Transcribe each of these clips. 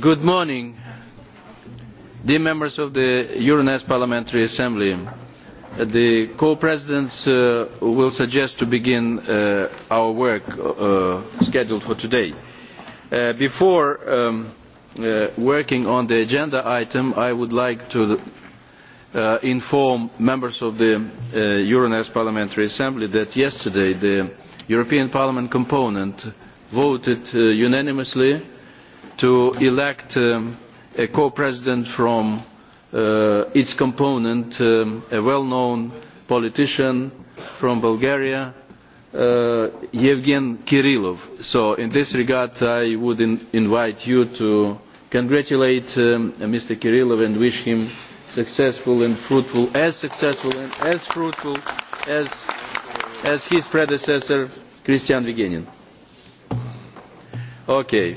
Good morning, dear members of the Euronest Parliamentary Assembly. The co-presidents will suggest to begin our work scheduled for today. Before working on the agenda item, I would like to inform members of the Euronest Parliamentary Assembly that yesterday the European Parliament component voted unanimously to elect a co-president from its component, a well-known politician from Bulgaria, Yevgen Kirillov. So in this regard, I would invite you to congratulate Mr. Kirillov and wish him successful and fruitful, as successful and as fruitful as his predecessor, Christian Vigenin. Okay.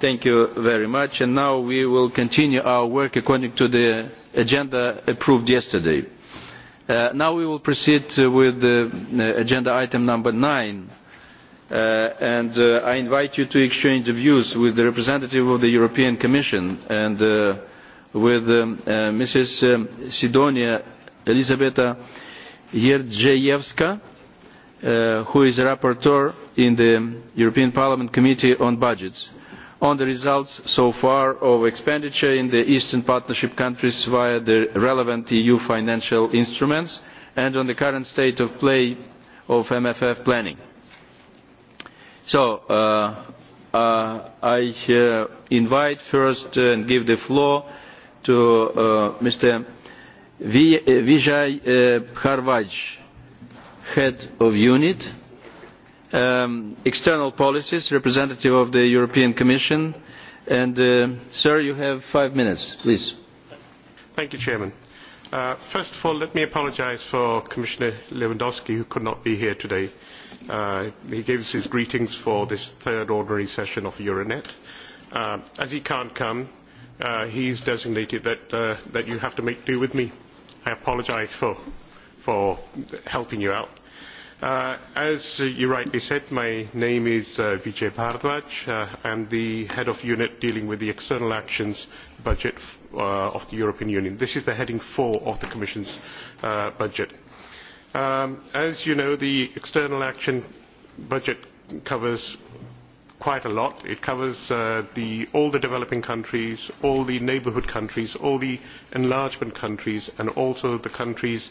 Thank you very much. And now we will continue our work according to the agenda approved yesterday. Now we will proceed with agenda item number nine. And I invite you to exchange views with the representative of the European Commission and with Mrs. Sidonia Elisabeta Yerdzejewska, who is a rapporteur in the European Parliament Committee on Budgets on the results so far of expenditure in the Eastern Partnership countries via the relevant EU financial instruments and on the current state of play of MFF planning. So I invite first and give the floor to Mr. Vijay Harvaj, Head of Unit external policies representative of the european commission and sir you have five minutes please. thank you chairman. first of all let me apologise for commissioner lewandowski who could not be here today. he gives his greetings for this third ordinary session of euronet. as he can't come he has designated that you have to make do with me. i apologise for helping you out As you rightly said, my name is Vijay Bharadwaj. I am the head of unit dealing with the external actions budget of the European Union. This is the heading Four of the Commission's budget. As you know, the external action budget covers quite a lot. It covers all the developing countries, all the neighbourhood countries, all the enlargement countries, and also the countries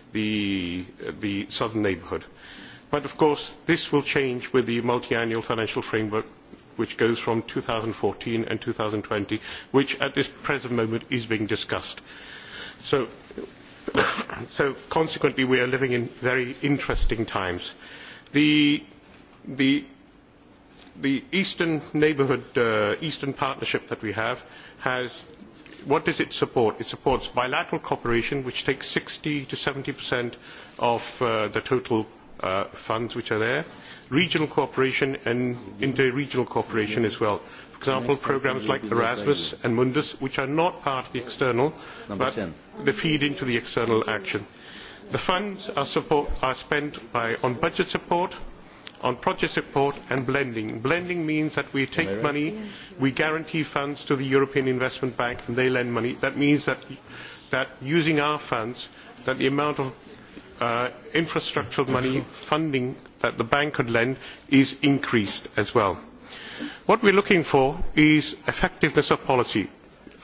the southern neighbourhood. But of course this will change with the multiannual financial framework which goes from 2014 and 2020 which at this present moment is being discussed. So consequently we are living in very interesting times. The Eastern Neighbourhood, Eastern Partnership that we have has what does it support? It supports bilateral cooperation, which takes 60 to 70% of the total funds which are there, regional cooperation and inter-regional cooperation as well. For example, programmes like Erasmus and Mundus, which are not part of the external, but they feed into the external action. The funds are spent on budget support on project support and blending. blending means that we take money we guarantee funds to the european investment bank and they lend money. that means that using our funds the amount of infrastructural money funding that the bank could lend is increased as well. what we are looking for is effectiveness of policy.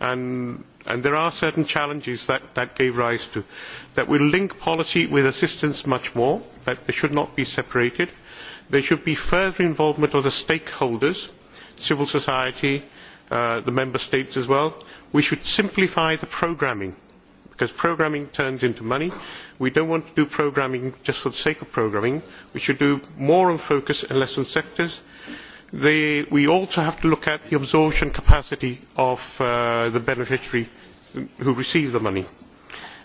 and there are certain challenges that that gave rise to that will link policy with assistance much more that they should not be separated there should be further involvement of the stakeholders civil society the member states as well we should simplify the programming because programming turns into money we do not want to do programming just for the sake of programming we should do more on focus and less on sectors we also have to look at the absorption capacity of the beneficiary who receives the money.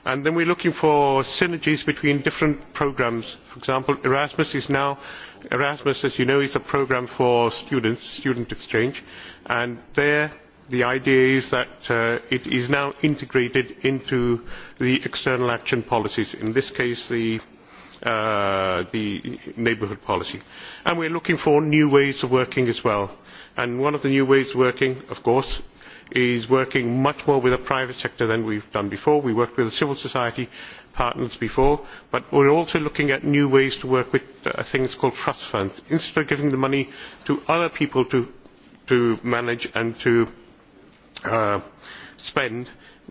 And then we are looking for synergies between different programmes. For example, Erasmus is now Erasmus, as you know, is a programme for students, student exchange, and there the idea is that it is now integrated into the external action policies, in this case the the neighbourhood policy. And we are looking for new ways of working as well. And one of the new ways of working, of course, is working much more with the private sector than we have done before. We worked with civil society partners before, but we are also looking at new ways to work with things called trust funds. Instead of giving the money to other people to manage and to spend,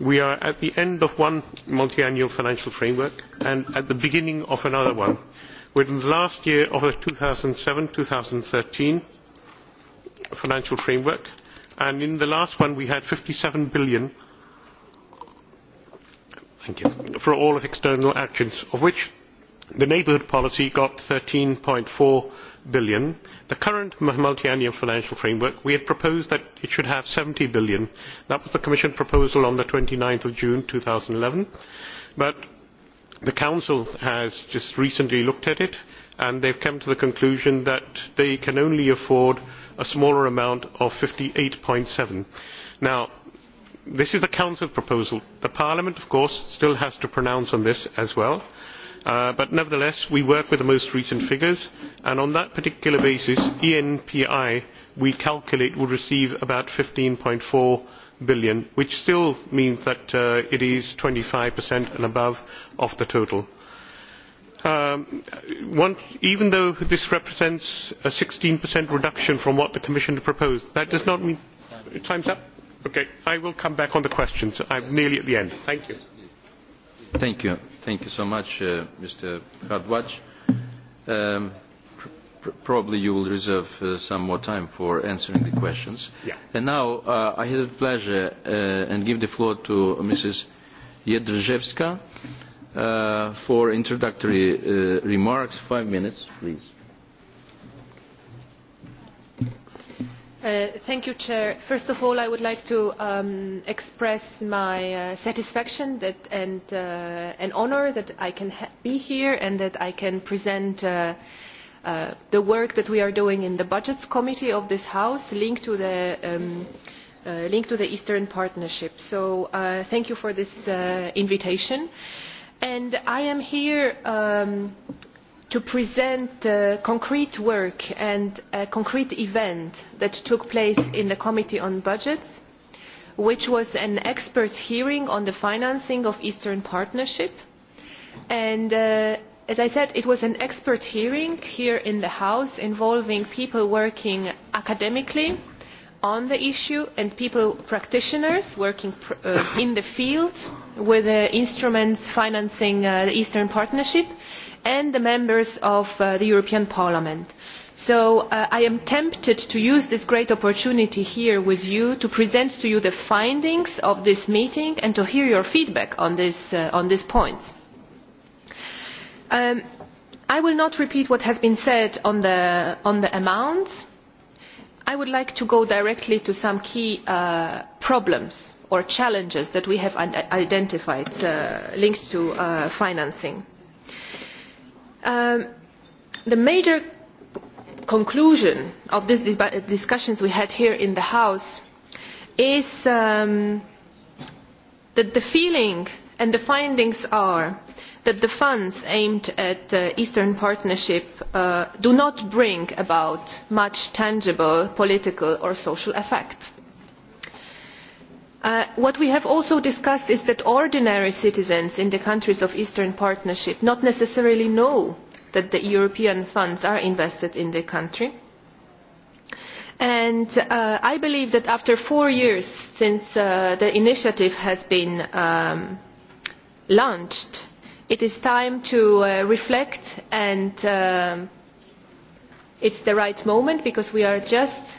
we are at the end of one multiannual financial framework and at the beginning of another one. with the last year of the two thousand and seven two thousand and thirteen financial framework and in the last one we had eur fifty seven billion for all of external actions of which the neighbourhood policy got eur. thirteen four billion. the current multiannual financial framework we had proposed that it should have eur seventy billion. that was the commission proposal on twenty nine june two thousand and eleven but the council has just recently looked at it and they have come to the conclusion that they can only afford a smaller amount of eur. fifty eight seven billion. this is the council proposal. parliament of course still has to pronounce on this as well but nevertheless we work with the most recent figures and on that particular basis enpi we calculate will receive about eur. fifteen four billion which still means that it is twenty five and above of the total. even though this represents a sixteen reduction from what the commission proposed that does not mean. time up? okay i will come back on the questions i am nearly at the end. thank you. Thank you. Thank you so much, Mr. Hardwatch. Probably you will reserve some more time for answering the questions. And now I have the pleasure and give the floor to Mrs. Jedrzejewska for introductory remarks. Five minutes, please. First of all, I would like to express my satisfaction and an honour that I can be here and that I can present the work that we are doing in the Budgets Committee of this House linked to the Eastern Partnership. So thank you for this invitation. And I am here to present concrete work and a concrete event that took place in the Committee on Budgets, which was an expert hearing on the financing of Eastern Partnership. And as I said, it was an expert hearing here in the House involving people working academically on the issue and people, practitioners working in the field with the instruments financing the Eastern Partnership and the members of the European Parliament. So I am tempted to use this great opportunity here with you to present to you the findings of this meeting and to hear your feedback on these points. I will not repeat what has been said on the amounts. I would like to go directly to some key problems or challenges that we have identified linked to financing. The major conclusion of these discussions we had here in the House is that the feeling and the findings are that the funds aimed at the Eastern Partnership do not bring about much tangible political or social effect. What we have also discussed is that ordinary citizens in the countries of Eastern Partnership not necessarily know that the European funds are invested in the country. And I believe that after four years since the initiative has been launched, it is time to reflect and it is the right moment because we are just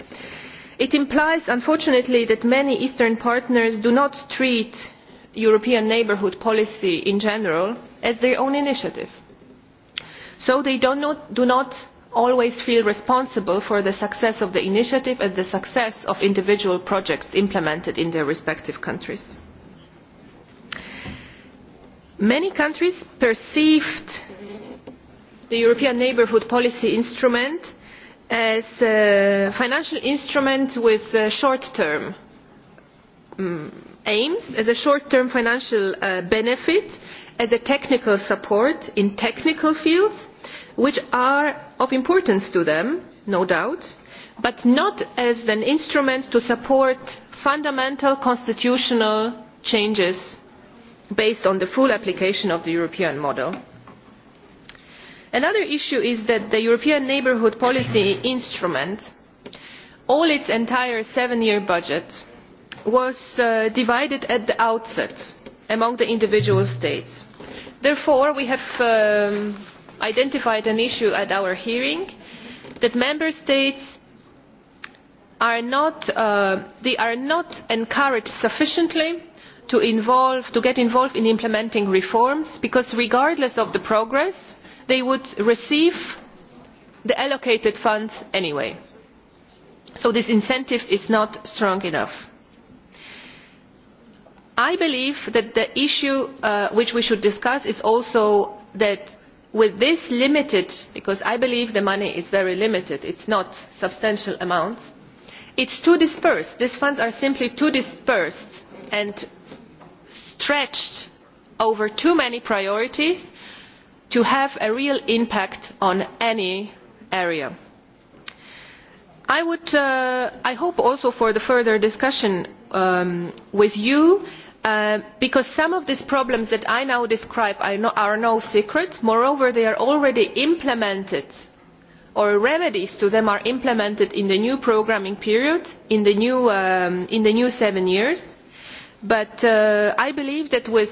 it implies unfortunately that many eastern partners do not treat european neighbourhood policy in general as their own initiative so they do not always feel responsible for the success of the initiative and the success of individual projects implemented in their respective countries. many countries perceived the european neighbourhood policy instrument as a financial instrument with short term aims as a short term financial benefit as a technical support in technical fields which are of importance to them no doubt but not as an instrument to support fundamental constitutional changes based on the full application of the european model. Another issue is that the European Neighbourhood Policy Instrument, all its entire seven-year budget, was divided at the outset among the individual states. Therefore, we have identified an issue at our hearing that member states are not encouraged sufficiently to get involved in implementing reforms because regardless of the progress they would receive the allocated funds anyway. So this incentive is not strong enough. I believe that the issue which we should discuss is also that with this limited, because I believe the money is very limited, it is not substantial amounts, is too dispersed. These funds are simply too dispersed and stretched over too many priorities to have a real impact on any area. I hope also for the further discussion with you because some of these problems that I now describe are no secret. Moreover, they are already implemented or remedies to them are implemented in the new programming period, in the new seven years. But I believe that with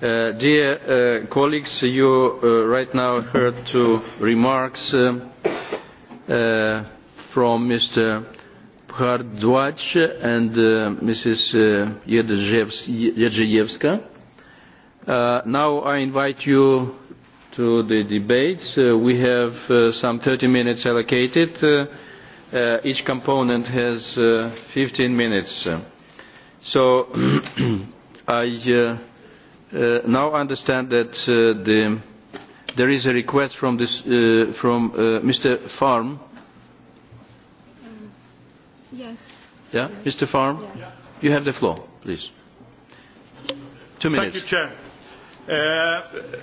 Dear colleagues, you right now heard two remarks from Mr. Bhardwaj and Mrs. Jedrzejewska. Now I invite you to the debates. We have some 30 minutes allocated. Each component has 15 minutes. So I now I understand that there is a request from Mr. Farm. Yes. Yeah, Mr. Farm, you have the floor, please. Two minutes. Thank you, Chair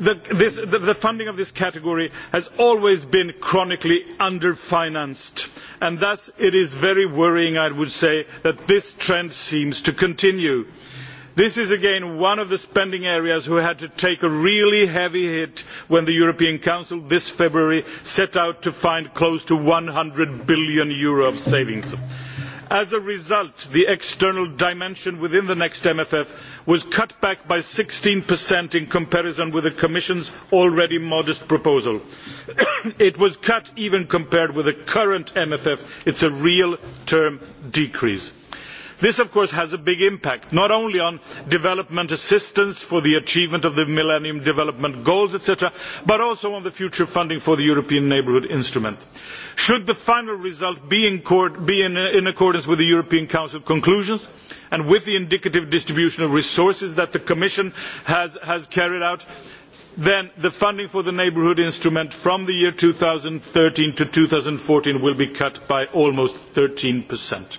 the funding of this category has always been chronically under financed and thus it is very worrying i would say that this trend seems to continue. this is again one of the spending areas which had to take a really heavy hit when the european council this february set out to find close to eur one hundred billion of savings. as a result the external dimension within the next mff was cut back by 16% in comparison with the commission's already modest proposal. it was cut even compared with the current mff it is a real term decrease this of course has a big impact not only on development assistance for the achievement of the millennium development goals etc but also on the future funding for the european neighbourhood instrument. should the final result be in accordance with the european council conclusions and with the indicative distribution of resources that the commission has carried out then the funding for the neighbourhood instrument from the year 2013 to 2014 will be cut by almost 13%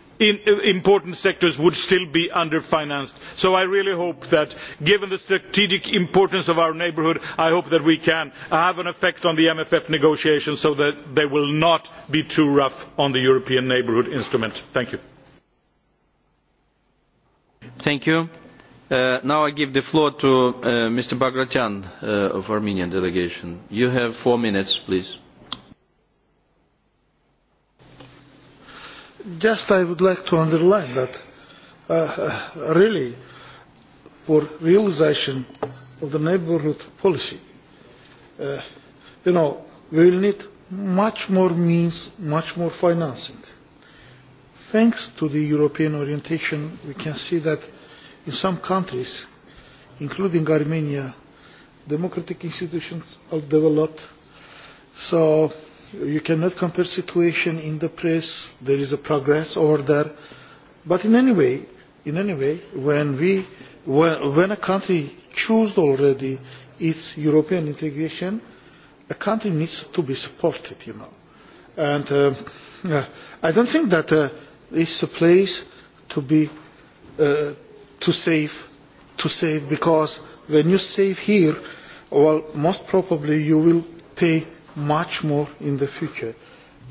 important sectors would still be under financed. so i really hope that given the strategic importance of our neighbourhood we can have an effect on the mff negotiations so that they will not be too rough on the european neighbourhood instrument. thank you. Thank you. Now I give the floor to Mr. Bagratyan of Armenian delegation. You have four minutes, please. Just I would like to underline that really for realization of the neighborhood policy, you know, we will need much more means, much more financing. Thanks to the European orientation, we can see that in some countries, including Armenia, democratic institutions are developed. So you cannot compare situation in the press. There is a progress over there. But in any way, in any way, when we, when a country chooses already its European integration, a country needs to be supported, you know. And I don't think that is a place to be to save, to save, because when you save here, well, most probably you will pay much more in the future.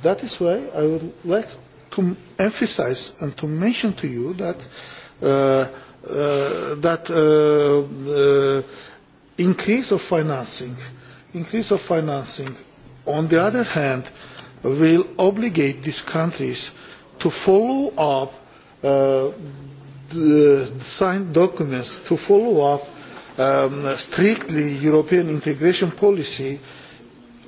That is why I would like to emphasize and to mention to you that that increase of financing, increase of financing, on the other hand, will obligate these countries to follow up the signed documents, to follow up strictly European integration policy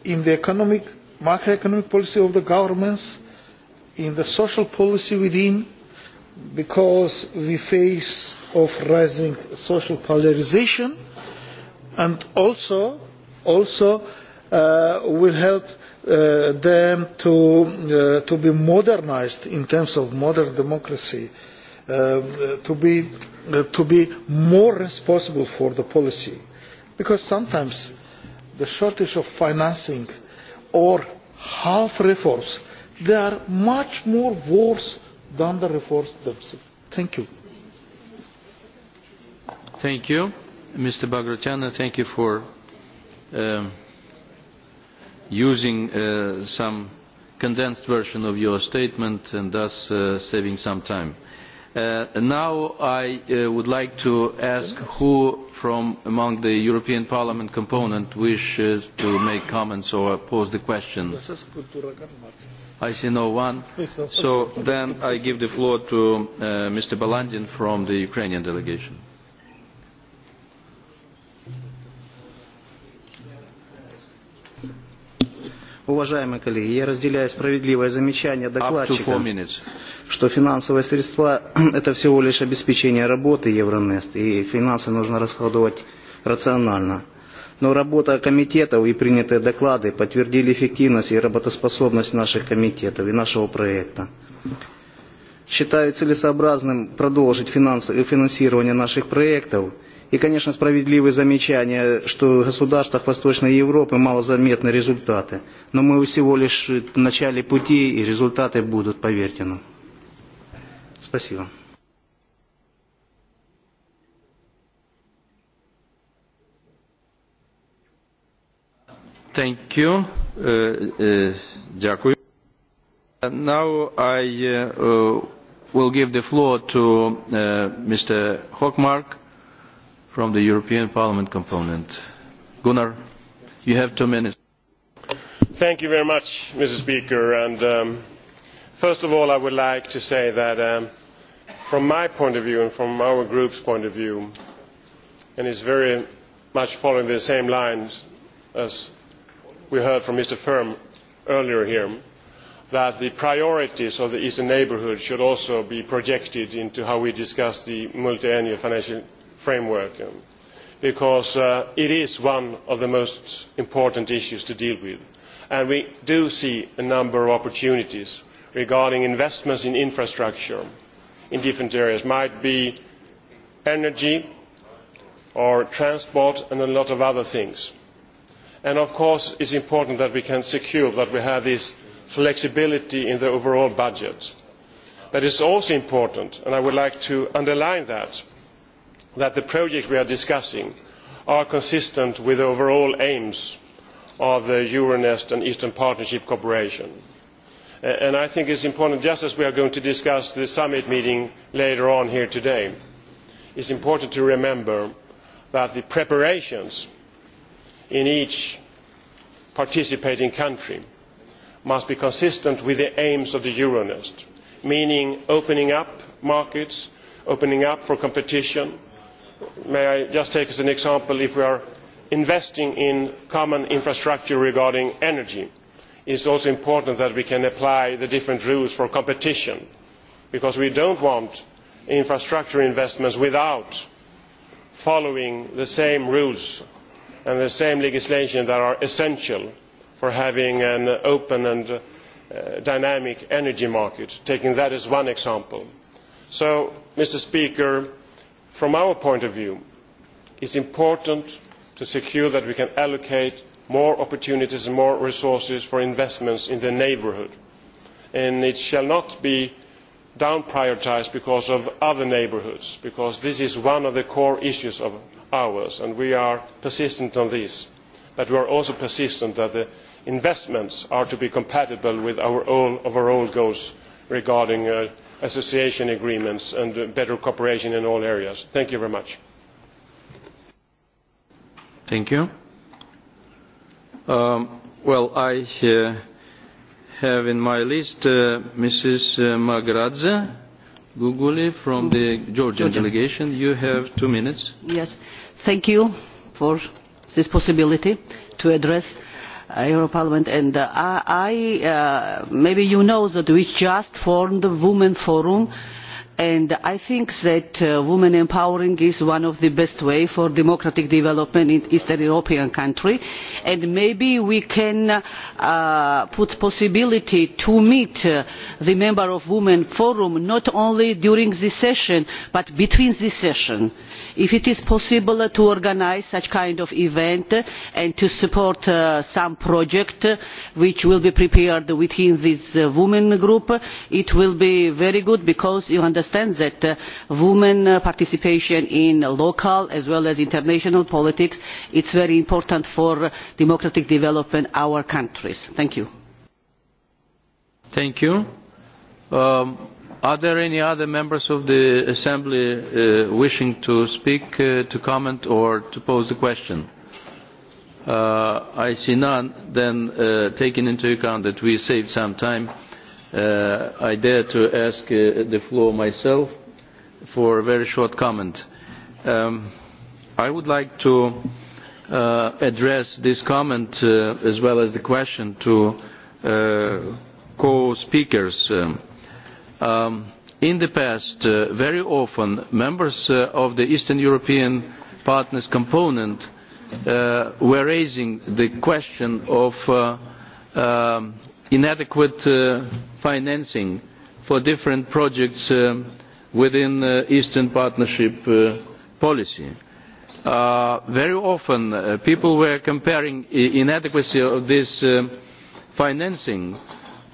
in the economic macroeconomic policy of the governments, in the social policy within, because we face of rising social polarization, and also also will help them to to be modernized in terms of modern democracy, to be to be more responsible for the policy, because sometimes the shortage of financing or half reforms, they are much more worse than the reforms themselves. Thank you. Thank you, Mr. Bagratiana. Thank you for using some condensed version of your statement and thus saving some time. Now I would like to ask who from among the European Parliament component wishes to make comments or pose the question. I see no one. So then I give the floor to Mr. Balandin from the Ukrainian delegation. Уважаемые коллеги, я разделяю справедливое замечание докладчика, что финансовые средства – это всего лишь обеспечение работы Евронест, и финансы нужно расходовать рационально. Но работа комитетов и принятые доклады подтвердили эффективность и работоспособность наших комитетов и нашего проекта. Считаю целесообразным продолжить финансирование наших проектов – И, конечно, справедливые замечания, что в государствах Восточной Европы малозаметны результаты. Но мы всего лишь в начале пути, и результаты будут, поверьте нам. Спасибо. Thank you. Дякую. Now I will give the floor to Mr. Hochmark from the European Parliament component. Gunnar, you have two minutes. Thank you very much, Mr. Speaker. And first of all, I would like to say that from my point of view and from our group's point of view, and it's very much following the same lines as we heard from Mr. Firm earlier here, that the priorities of the Eastern neighbourhood should also be projected into how we discuss the multi-annual financial framework because it is one of the most important issues to deal with and we do see a number of opportunities regarding investments in infrastructure in different areas might be energy or transport and a lot of other things. and of course it is important that we can secure that we have this flexibility in the overall budget. but it is also important and i would like to underline that that the projects we are discussing are consistent with the overall aims of the euronest and eastern partnership cooperation. i think it is important just as we are going to discuss the summit meeting later on here today it is important to remember that the preparations in each participating country must be consistent with the aims of the euronest meaning opening up markets opening up for competition may i just take as an example if we are investing in common infrastructure regarding energy it is also important that we can apply the different rules for competition because we do not want infrastructure investments without following the same rules and the same legislation that are essential for having an open and dynamic energy market taking that as one example. so mr speaker from our point of view it is important to ensure that we can allocate more opportunities and more resources for investments in the neighbourhood and it shall not be down prioritised because of other neighbourhoods because this is one of the core issues of ours and we are persistent on this but we are also persistent that the investments are to be compatible with our own overall goals regarding association agreements and better cooperation in all areas. Thank you very much. Thank you. Well, I have in my list Mrs. Magradze Guguli from the Georgian delegation. You have two minutes. Yes. Thank you for this possibility to address Euro Parliament and I maybe you know that we just formed the Women Forum and i think that women empowering is one of the best ways for democratic development in eastern european country. and maybe we can put the possibility to meet the member of women forum not only during this session but between the sessions if it is possible to organise such kind of event and to support some project which will be prepared within this women group it will be very good because you understands that women's participation in local as well as international politics is very important for democratic development in our countries. Thank you. Thank you. Are there any other members of the Assembly wishing to speak, to comment or to pose a question? I see none. Then, taking into account that we saved some time, I dare to ask the floor myself for a very short comment. I would like to address this comment as well as the question to co-speakers. In the past, very often, members of the Eastern European Partners component were raising the question of inadequate financing for different projects within the Eastern Partnership policy. Very often people were comparing the inadequacy of this financing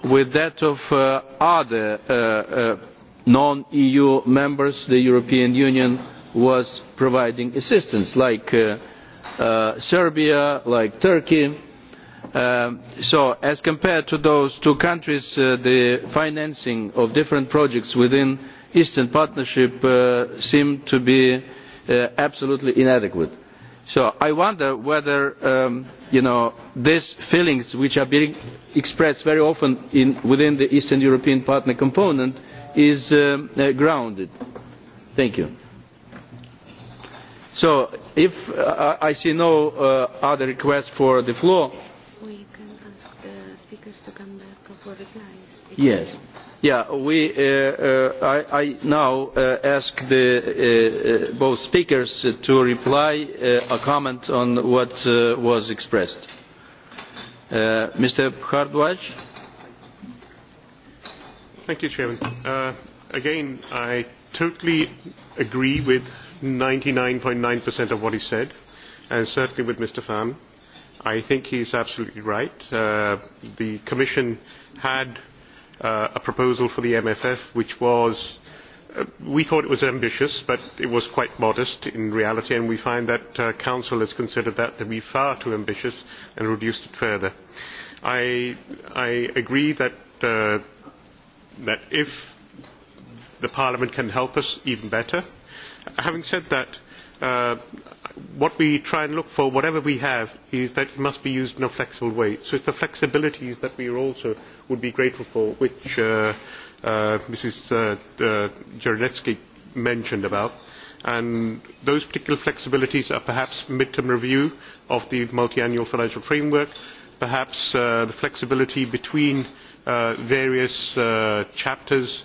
with that of other non EU members the European Union was providing assistance, like Serbia, like Turkey so as compared to those two countries the financing of different projects within the eastern partnership seem to be absolutely inadequate. so i wonder whether these feelings which are being expressed very often within the eastern european partner component are grounded. thank you. so if i see no other requests for the floor Yes. Yeah, we I now ask the both speakers to reply a comment on what was expressed. Mr. Hardwaj. Thank you, Chairman. Again, I totally agree with 99.9% of what he said, and certainly with Mr. fan I think he's absolutely right. The Commission had a proposal for the MFF which was we thought it was ambitious but it was quite modest in reality and we find that council has considered that to be far too ambitious and reduced it further i I agree that that if the parliament can help us even better having said that what we try and look for, whatever we have, is that it must be used in a flexible way. So it is the flexibilities that we also would be grateful for, which Mrs. Jaronetsky mentioned about. And those particular flexibilities are perhaps mid-term review of the multiannual financial framework, perhaps the flexibility between various chapters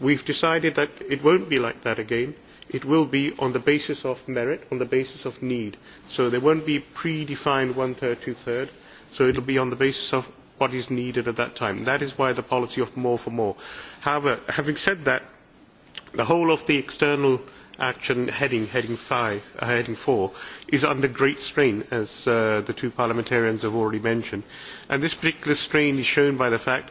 we have decided that it won't be like that again it will be on the basis of merit on the basis of need so there won't be predefined one third two thirds so it will be on the basis of what is needed at that time. that is why the policy of more for more. however having said that the whole of the external action heading heading heading four is under great strain as the two parliamentarians have already mentioned and this particular strain is shown by the fact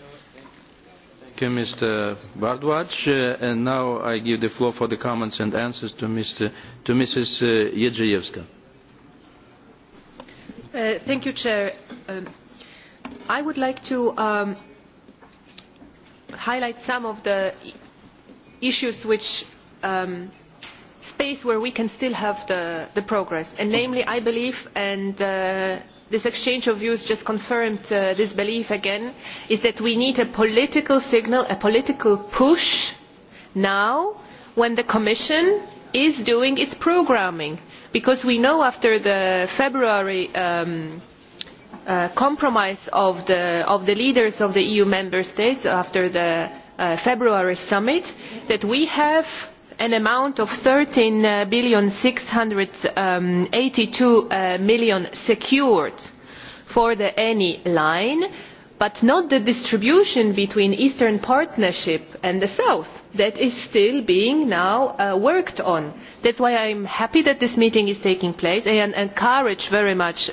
Mr. Bardwaj. And now I give the floor for the comments and answers to Mr. to Mrs. Jedrzejewska. Thank you, Chair. I would like to highlight some of the issues which space where we can still have the progress. And namely, I believe and this exchange of views just confirmed this belief again is that we need a political signal a political push now when the commission is doing its programming because we know after the february compromise of the leaders of the eu member states after the february summit that we have an amount of eur. billion six million secured for the eni line but not the distribution between eastern partnership and the south that is still being now worked on. that's why i am happy that this meeting is taking place and encourage very much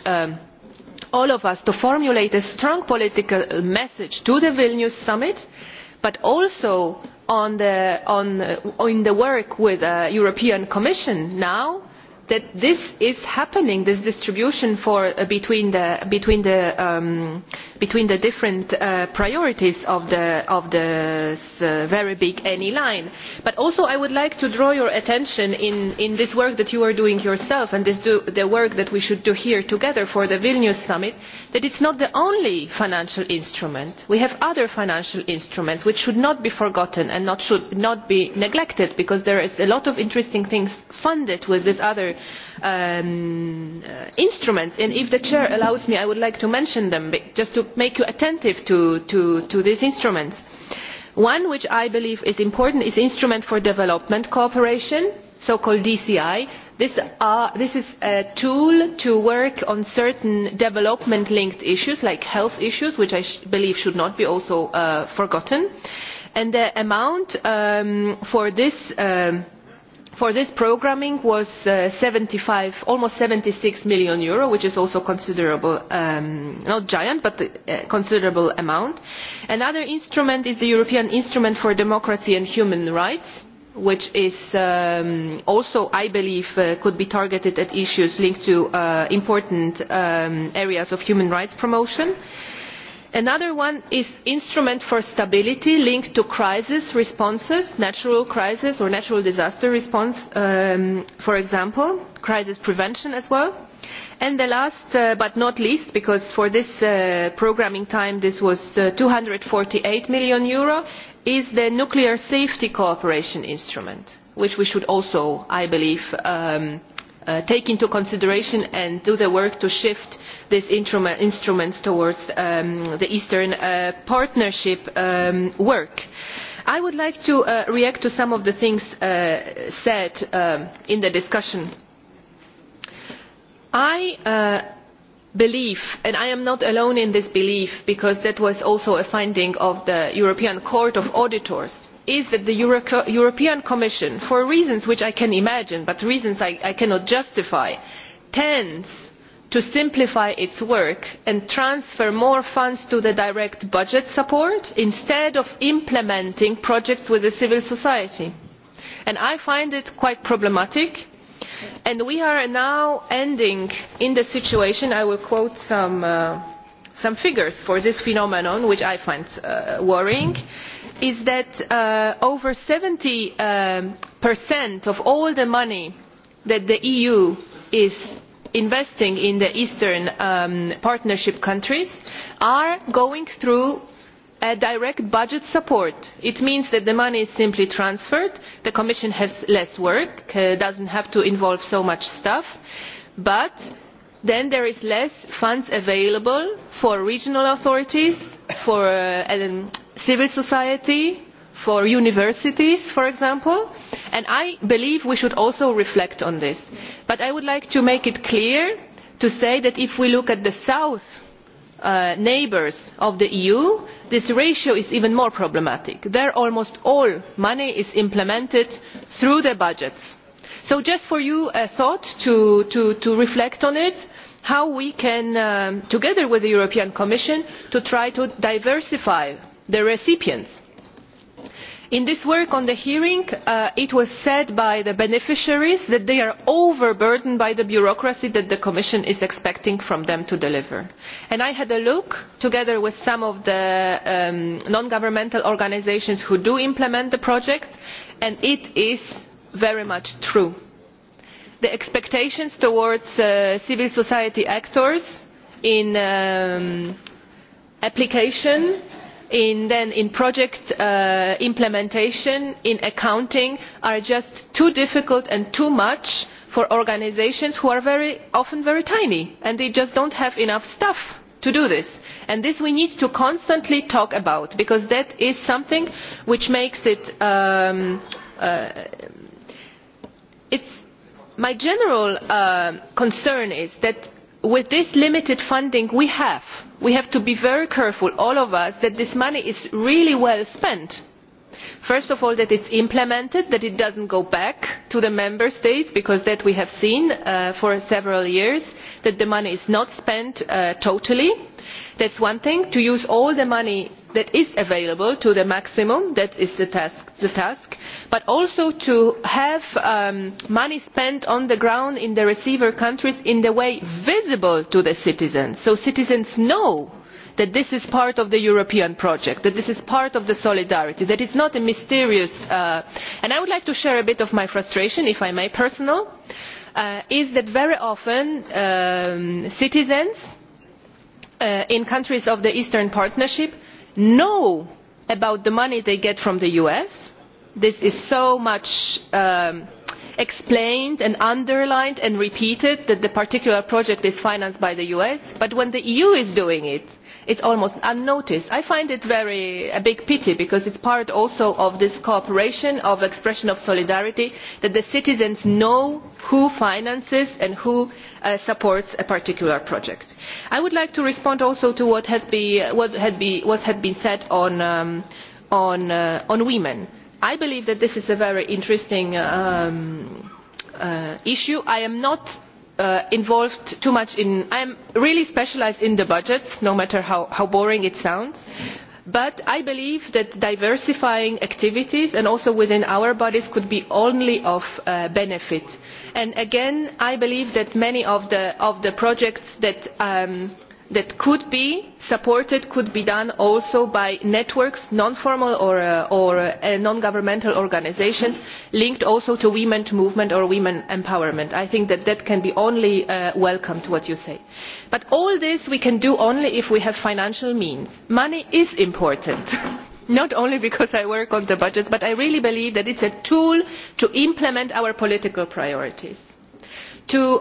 all of us to formulate a strong political message to the vilnius summit but also in the work with the European Commission now that this is happening, this distribution between the different priorities of the very big any line. But also I would like to draw your attention in this work that you are doing yourself and the work that we should do here together for the Vilnius Summit that it is not the only financial instrument. we have other financial instruments which should not be forgotten and should not be neglected because there are a lot of interesting things funded with these other instruments and if the chair allows me i would like to mention them just to make you attentive to these instruments. one which i believe is important is the instrument for development cooperation so called dci This is a tool to work on certain development-linked issues like health issues, which I believe should not be also forgotten. And the amount for this programming was 75, almost 76 million euro, which is also considerable, not giant, but a considerable amount. Another instrument is the European Instrument for Democracy and Human Rights which is also i believe could be targeted at issues linked to important areas of human rights promotion. another one is instrument for stability linked to crisis responses natural crisis or natural disaster response for example crisis prevention as well. and the last but not least because for this programming time this was eur two hundred forty eight million is the nuclear safety cooperation instrument which we should also i believe take into consideration and do the work to shift these instruments towards the eastern partnership work. i would like to react to some of the things said in the discussion. i belief and i am not alone in this belief because that was also a finding of the european court of auditors is that the european commission for reasons which i can imagine but reasons i cannot justify tends to simplify its work and transfer more funds to the direct budget support instead of implementing projects with civil society. i find it quite problematic and we are now ending in the situation i will quote some figures for this phenomenon which i find worrying is that over 70% of all the money that the eu is investing in the eastern partnership countries are going through direct budget support. It means that the money is simply transferred, the Commission has less work, does not have to involve so much stuff, but then there is less funds available for regional authorities, for civil society, for universities, for example, and I believe we should also reflect on this. But I would like to make it clear to say that if we look at the south neighbours of the eu this ratio is even more problematic. there almost all money is implemented through the budgets. so just for you a thought to reflect on it how we can together with the european commission try to diversify the recipients in this work on the hearing it was said by the beneficiaries that they are overburdened by the bureaucracy that the commission is expecting from them to deliver and i had a look together with some of the non governmental organisations who do implement the projects and it is very much true. the expectations towards civil society actors in application then in project implementation in accounting are just too difficult and too much for organisations who are very often very tiny and they just do not have enough staff to do this. this we need to constantly talk about because that is something which makes it my general concern is that with this limited funding we have we have to be very careful all of us that this money is really well spent first of all that it is implemented that it does not go back to the member states because that we have seen for several years that the money is not spent totally that is one thing to use all the money that is available to the maximum that is the task but also to have money spent on the ground in the receiver countries in a way visible to the citizens so citizens know that this is part of the european project that this is part of the solidarity that it is not a mysterious and i would like to share a bit of my frustration if i may personal is that very often citizens in countries of the eastern partnership know about the money they get from the us this is so much explained and underlined and repeated that the particular project is financed by the us but when the eu is doing it It's almost unnoticed. I find it a big pity because it's part also of this cooperation of expression of solidarity that the citizens know who finances and who supports a particular project. I would like to respond also to what has been said on women. I believe that this is a very interesting issue. I am not involved too much in i am really specialised in the budgets no matter how boring it sounds but i believe that diversifying activities and also within our bodies could be only of benefit and again i believe that many of the projects that that could be supported could be done also by networks non formal or non governmental organisations linked also to women's movement or women's empowerment. i think that that can be only welcomed what you say. but all this we can do only if we have financial means. money is important not only because i work on the budget but i really believe that it is a tool to implement our political priorities to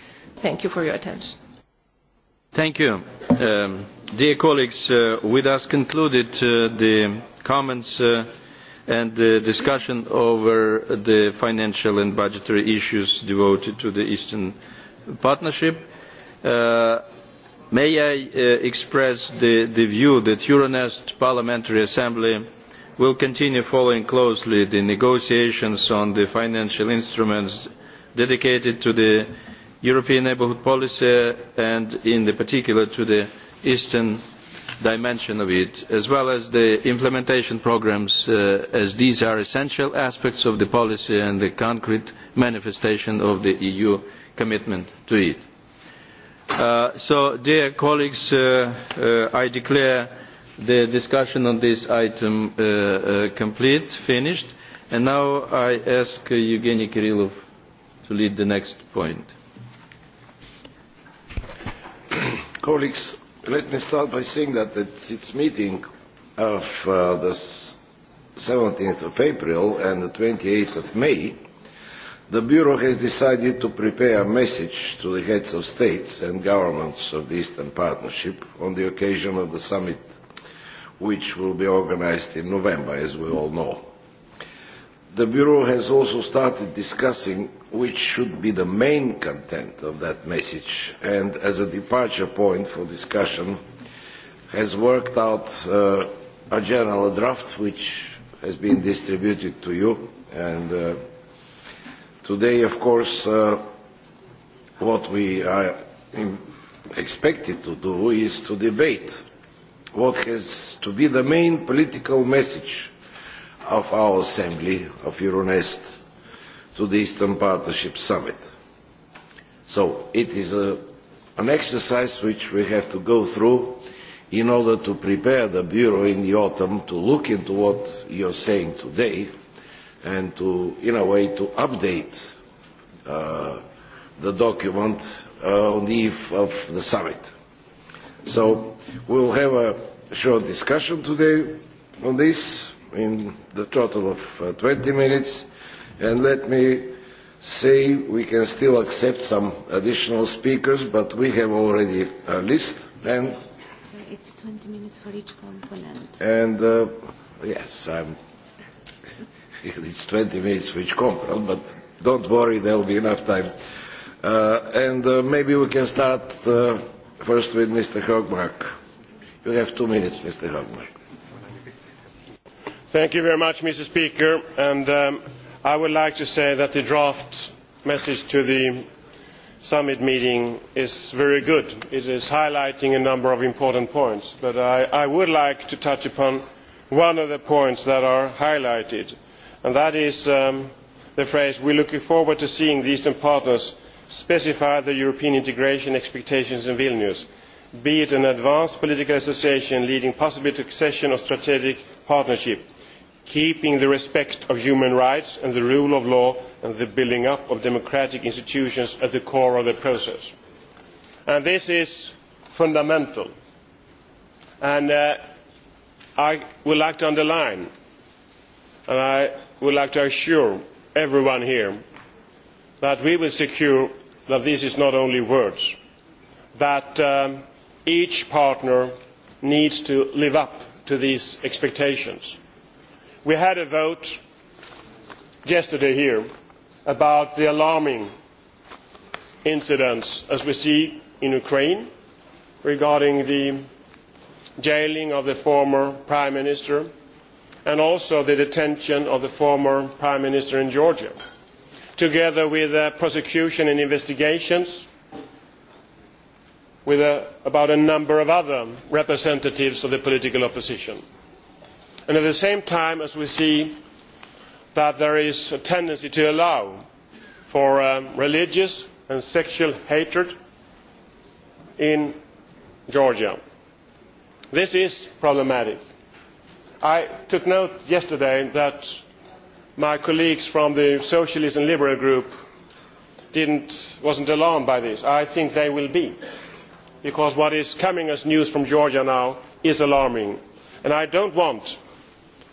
Thank you for your attention. Thank you. Dear colleagues, with us concluded the comments and the discussion over the financial and budgetary issues devoted to the Eastern Partnership. May I express the view that Euronest Parliamentary Assembly will continue following closely the negotiations on the financial instruments dedicated to the European neighbourhood policy and in particular to the eastern dimension of it, as well as the implementation programmes, as these are essential aspects of the policy and the concrete manifestation of the EU commitment to it. So, dear colleagues, I declare the discussion on this item complete, finished, and now I ask Evgeny Kirillov to lead the next point colleagues, let me start by saying that at its meeting of the 17 of April and the 28th of May, the Bureau has decided to prepare a message to the heads of states and governments of the Eastern Partnership on the occasion of the summit which will be organised in November, as we all know. The Bureau has also started discussing which should be the main content of that message and as a departure point for discussion has worked out a general draft which has been distributed to you and today of course what we are expected to do is to debate what has to be the main political message of our assembly of euronest to the Eastern Partnership Summit. So it is an exercise which we have to go through in order to prepare the Bureau in the autumn to look into what you are saying today and to, in a way, to update the document on the eve of the summit. So we will have a short discussion today on this in the total of 20 minutes And let me say we can still accept some additional speakers, but we have already a list. And it's 20 minutes for each component. And yes, I'm. It's 20 minutes for each component, but don't worry, there will be enough time. And maybe we can start first with Mr. Hogmark. You have two minutes, Mr. Hogmark. Thank you very much, Mr. Speaker. And i would like to say that the draft message to the summit meeting is very good. it is highlighting a number of important points but i would like to touch upon one of the points that are highlighted and that is the phrase we are looking forward to seeing the eastern partners specify their european integration expectations in vilnius be it an advanced political association leading possibly to accession or strategic partnership keeping the respect of human rights and the rule of law and the building up of democratic institutions at the core of the process. this is fundamental and i would like to underline and i would like to assure everyone here that we will secure that this is not only words that each partner needs to live up to these expectations we had a vote yesterday here about the alarming incidents as we see in ukraine regarding the jailing of the former prime minister and also the detention of the former prime minister in georgia together with prosecution and investigations about a number of other representatives of the political opposition and at the same time as we see that there is a tendency to allow for religious and sexual hatred in georgia. this is problematic. i took note yesterday that my colleagues from the socialist and liberal group were not alarmed by this. i think they will be because what is coming as news from georgia now is alarming and i don't want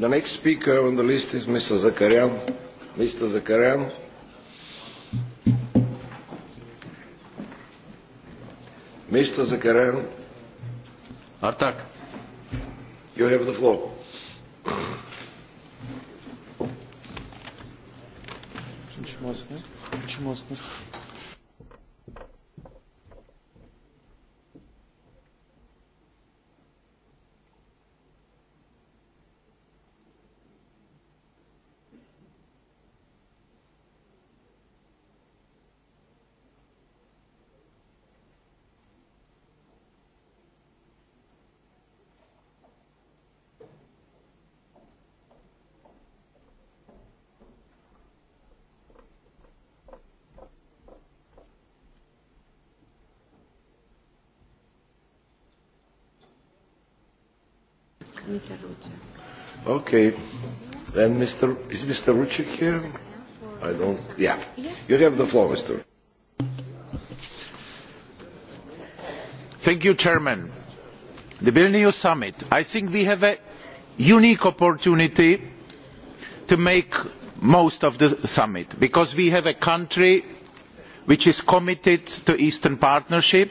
The next speaker on the list is Mr. Zakarian. Mr. Zakarian. Mr. Zakarian. Artak. You have the floor. Mr. Rucic. Okay. Then Mr. Is Mr. Rucic here? I don't. Yeah. You have the floor, Mr. Thank you, Chairman. The Vilnius Summit. I think we have a unique opportunity to make most of the summit because we have a country which is committed to Eastern Partnership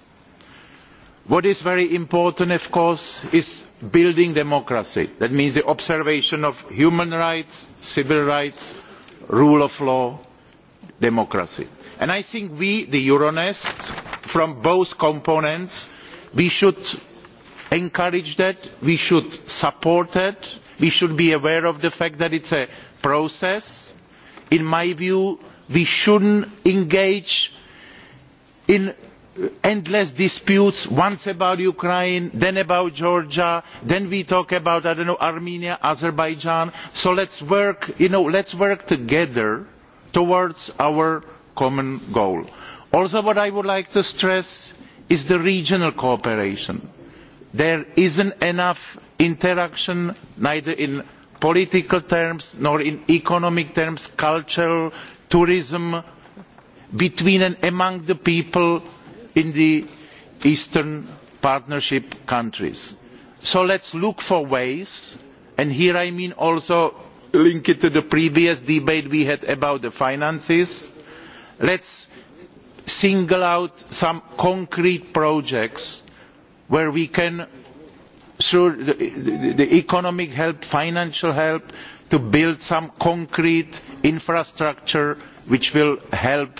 What is very important, of course, is building democracy. That means the observation of human rights, civil rights, rule of law, democracy. And I think we, the Euronest, from both components, we should encourage that, we should support that, we should be aware of the fact that it's a process. In my view, we shouldn't engage in endless disputes once about ukraine then about georgia then we talk about i don't know armenia azerbaijan so let's work you know let's work together towards our common goal also what i would like to stress is the regional cooperation there isn't enough interaction neither in political terms nor in economic terms cultural tourism between and among the people in the Eastern Partnership countries. So let us look for ways, and here I mean also link it to the previous debate we had about the finances, Let us single out some concrete projects where we can, through the economic help, financial help, build some concrete infrastructure which will help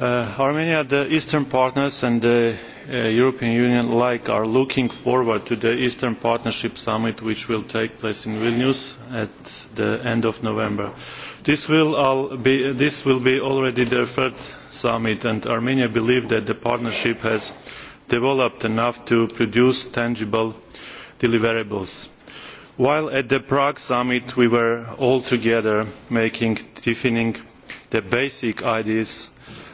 Armenia, the Eastern partners and the European Union alike are looking forward to the Eastern Partnership Summit which will take place in Vilnius at the end of November. This will be already their third summit and Armenia believes that the partnership has developed enough to produce tangible deliverables. While at the Prague summit we were all together making, defining the basic ideas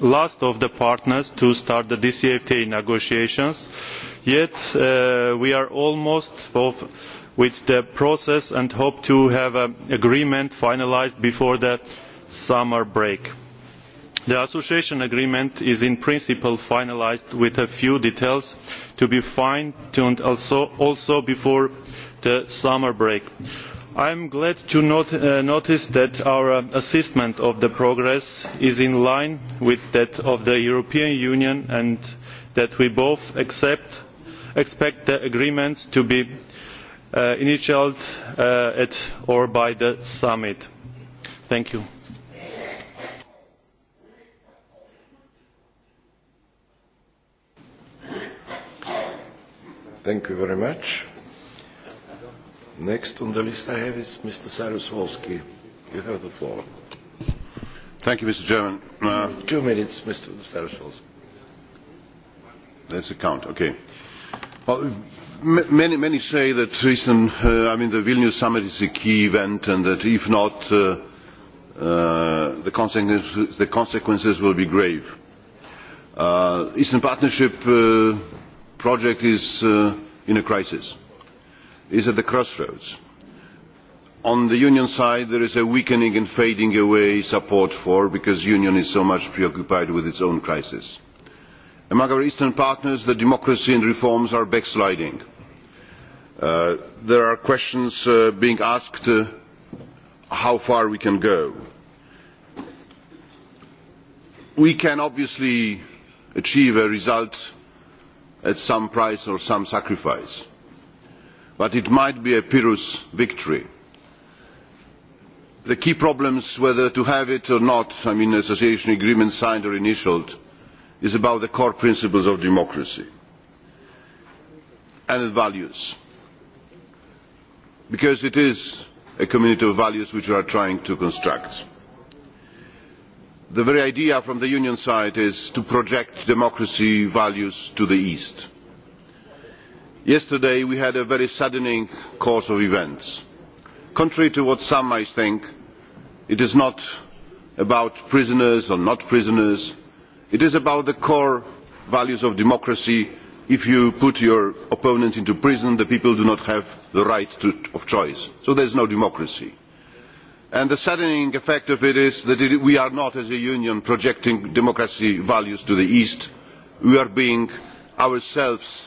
last of the partners to start the DCFTA negotiations, yet we are almost with the process and hope to have an agreement finalised before the summer break. The association agreement is in principle finalised with a few details to be fine tuned also before the summer break. I am glad to notice that our assessment of the progress is in line with that of the European Union and that we both expect the agreements to be initialled at or by the summit. Thank you. Thank you very much. Next on the list I have is Mr. Saruswolski. You have the floor. Thank you, Mr. Chairman. Two minutes, Mr. Saruswolski. That's a count. Okay. Many, many say that recent, I mean, the Vilnius summit is a key event, and that if not, the consequences, the consequences will be grave. Eastern Partnership project is in a crisis is at the crossroads. On the Union side there is a weakening and fading away support for because the Union is so much preoccupied with its own crisis. Among our Eastern partners the democracy and reforms are backsliding. There are questions being asked how far we can go. We can obviously achieve a result at some price or some sacrifice but it might be a pyrrhus victory. the key problems whether to have it or not i mean an association agreement signed or initialled is about the core principles of democracy and values because it is a community of values which we are trying to construct. the very idea from the union side is to project democracy values to the east yesterday we had a very saddening course of events. contrary to what some might think it is not about prisoners or not prisoners it is about the core values of democracy if you put your opponent into prison the people do not have the right of choice so there is no democracy. the saddening effect of it is that we are not as a union projecting democracy values to the east we are being ourselves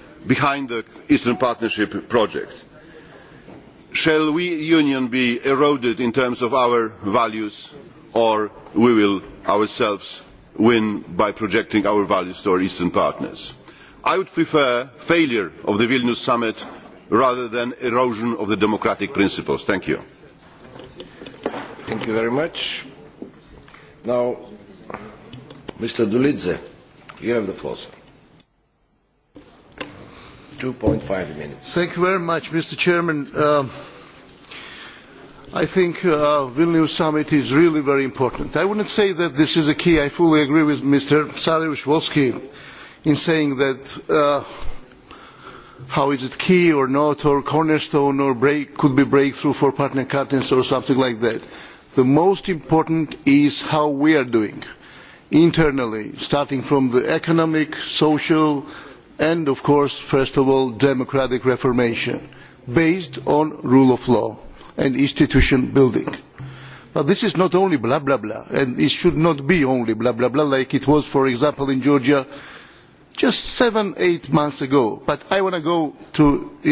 behind the Eastern Partnership project. Shall we Union be eroded in terms of our values or we will ourselves win by projecting our values to our Eastern partners? I would prefer failure of the Vilnius summit rather than erosion of the democratic principles. Thank you. Thank you very much. Now, Mr. Dulidze, you have the floor, Thank you very much, Mr. Chairman. I think the Vilnius summit is really very important. I wouldn't say that this is a key. I fully agree with Mr. Saryusz-Wolski in saying that how is it key or not or cornerstone or break could be breakthrough for partner countries or something like that. The most important is how we are doing internally, starting from the economic, social and of course first of all democratic reformation based on rule of law and institution building. But this is not only blah blah blah and it should not be only blah blah blah like it was for example in Georgia just seven eight months ago but i want to go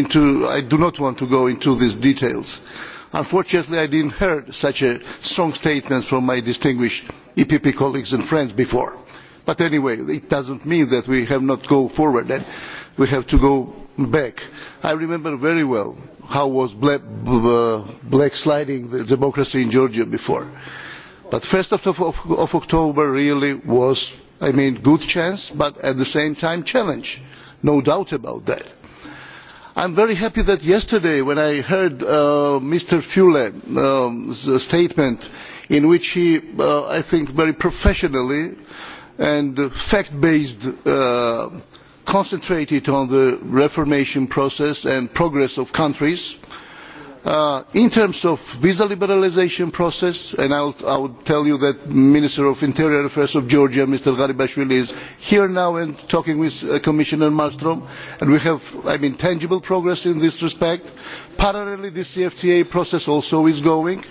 into i do not want to go into these details. unfortunately i did not hear such a strong statement from my distinguished epp colleagues and friends before. But anyway, it doesn't mean that we have not go forward and we have to go back. I remember very well how was black sliding the democracy in Georgia before. But 1st of October really was, I mean, good chance, but at the same time challenge. No doubt about that. I'm very happy that yesterday when I heard Mr. Fule's statement in which he, I think, very professionally and fact based concentrated on the reformation process and progress of countries in terms of visa liberalisation process and i would tell you that the minister of interior affairs of georgia mr garibashvili is here now and talking with commissioner malmstrm and we have tangible progress in this respect. parallelly the cfta process also is going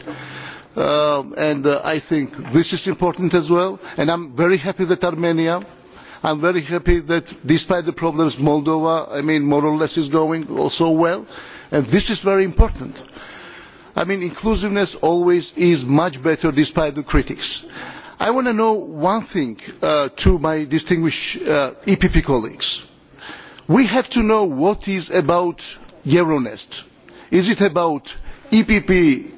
and I think this is important as well. And I'm very happy that Armenia, I'm very happy that despite the problems, Moldova, I mean, more or less is going also well. And this is very important. I mean, inclusiveness always is much better despite the critics. I want to know one thing to my distinguished EPP colleagues. We have to know what is about Euronest. Is it about EPP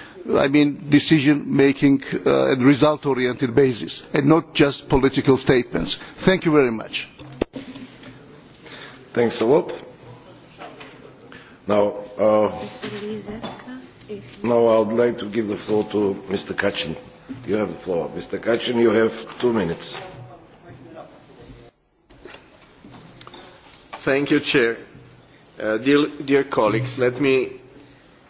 I mean decision making and result oriented basis and not just political statements. Thank you very much. Thanks a lot. Now I would like to give the floor to Mr Kachin. You have the floor. Mr Kachin, you have two minutes. Thank you, Chair. Dear colleagues, let me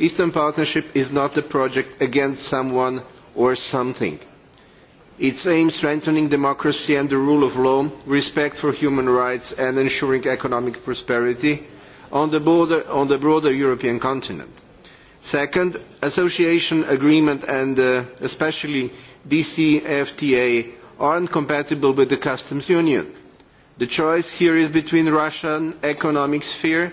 Eastern Partnership is not a project against someone or something. aims aim strengthening democracy and the rule of law, respect for human rights and ensuring economic prosperity on the broader European continent. Second, association agreement and especially DCFTA are incompatible with the customs union. The choice here is between Russian economic sphere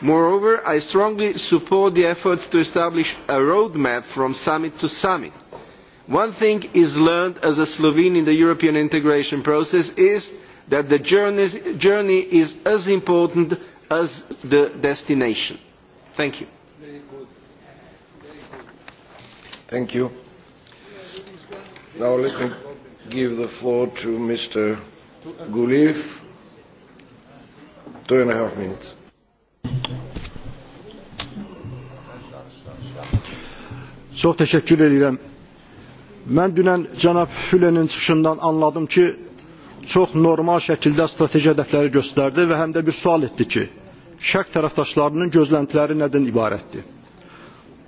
Moreover, I strongly support the efforts to establish a roadmap from summit to summit. One thing is learned as a Slovene in the European integration process is that the journey is as important as the destination. Thank you. Thank you. Now let me give the floor to Mr. Guliv. Two and a half minutes. Çox təşəkkür edirəm. Mən dünən cənab Hülenin çıxışından anladım ki, çox normal şəkildə strateji hədəfləri göstərdi və həm də bir sual etdi ki, şərq tərəfdaşlarının gözləntiləri nədən ibarətdir?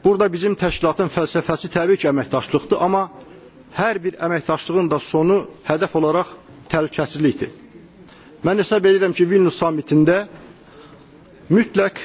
Burada bizim təşkilatın fəlsəfəsi təbii ki, əməkdaşlıqdır, amma hər bir əməkdaşlığın da sonu hədəf olaraq təhlükəsizlikdir. Mən hesab edirəm ki, Vilnius samitində mütləq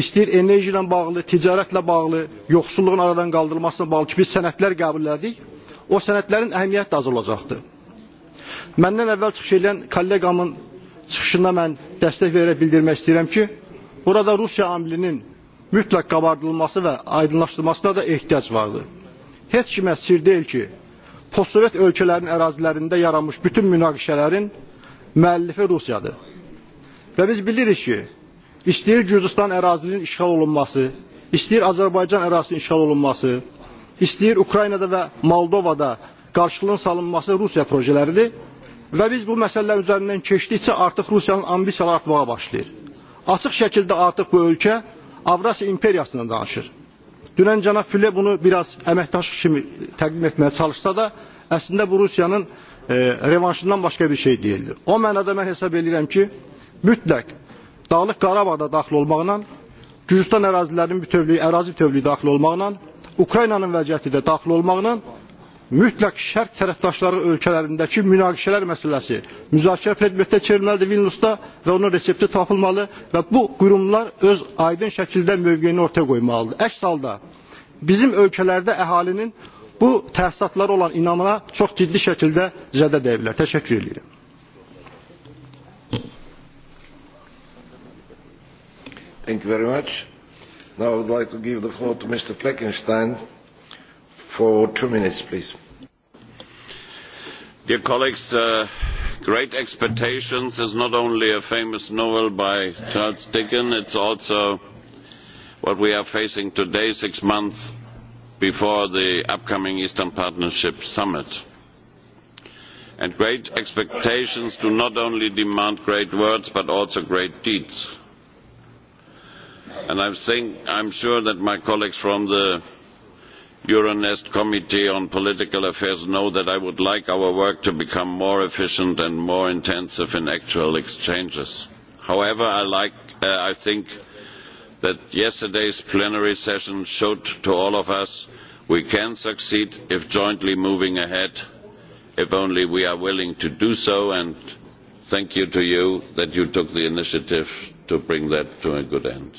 istəyir enerji ilə bağlı, ticarətlə bağlı, yoxsulluğun aradan qaldırılmasına bağlı ki, biz sənədlər qəbul elədik. O sənədlərin əhəmiyyəti də az olacaqdır. Məndən əvvəl çıxış edən kolleqamın çıxışına mən dəstək verə bildirmək istəyirəm ki, burada Rusiya amilinin mütləq qabardılması və aydınlaşdırılmasına da ehtiyac vardır. Heç kimə sir deyil ki, postsovet ölkələrinin ərazilərində yaranmış bütün münaqişələrin müəllifi Rusiyadır. Və biz bilirik ki, istəyir Gürcüstan ərazinin işğal olunması, istəyir Azərbaycan ərazisinin işğal olunması, istəyir Ukraynada və Moldovada qarşılığın salınması Rusiya projələridir və biz bu məsələlər üzərindən keçdikcə artıq Rusiyanın ambisiyaları artmağa başlayır. Açıq şəkildə artıq bu ölkə Avrasiya imperiyasından danışır. Dünən cənab Füle bunu biraz əməkdaşlıq kimi təqdim etməyə çalışsa da, əslində bu Rusiyanın e, revanşından başqa bir şey deyildi. O mənada mən hesab edirəm ki, mütləq Dağlıq Qarabağda daxil olmaqla, Gürcistan ərazilərinin bütövlüyü, ərazi bütövlüyü daxil olmaqla, Ukraynanın vəziyyəti də daxil olmaqla mütləq şərq tərəfdaşları ölkələrindəki münaqişələr məsələsi müzakirə predmetdə çevrilməlidir Vilnusda və onun resepti tapılmalı və bu qurumlar öz aydın şəkildə mövqeyini ortaya qoymalıdır. Əks halda bizim ölkələrdə əhalinin bu təsisatlara olan inamına çox ciddi şəkildə zədə bilər. Təşəkkür edirəm. Thank you very much. Now I would like to give the floor to Mr. Fleckenstein for two minutes, please. Dear colleagues, Great Expectations is not only a famous novel by Charles Dickens, it's also what we are facing today, six months before the upcoming Eastern Partnership Summit. And great expectations do not only demand great words, but also great deeds and I am sure that my colleagues from the Euronest Committee on Political Affairs know that I would like our work to become more efficient and more intensive in actual exchanges. However, I think that yesterday's plenary session showed to all of us we can succeed if jointly moving ahead, if only we are willing to do so, and thank you to you that you took the initiative to bring that to a good end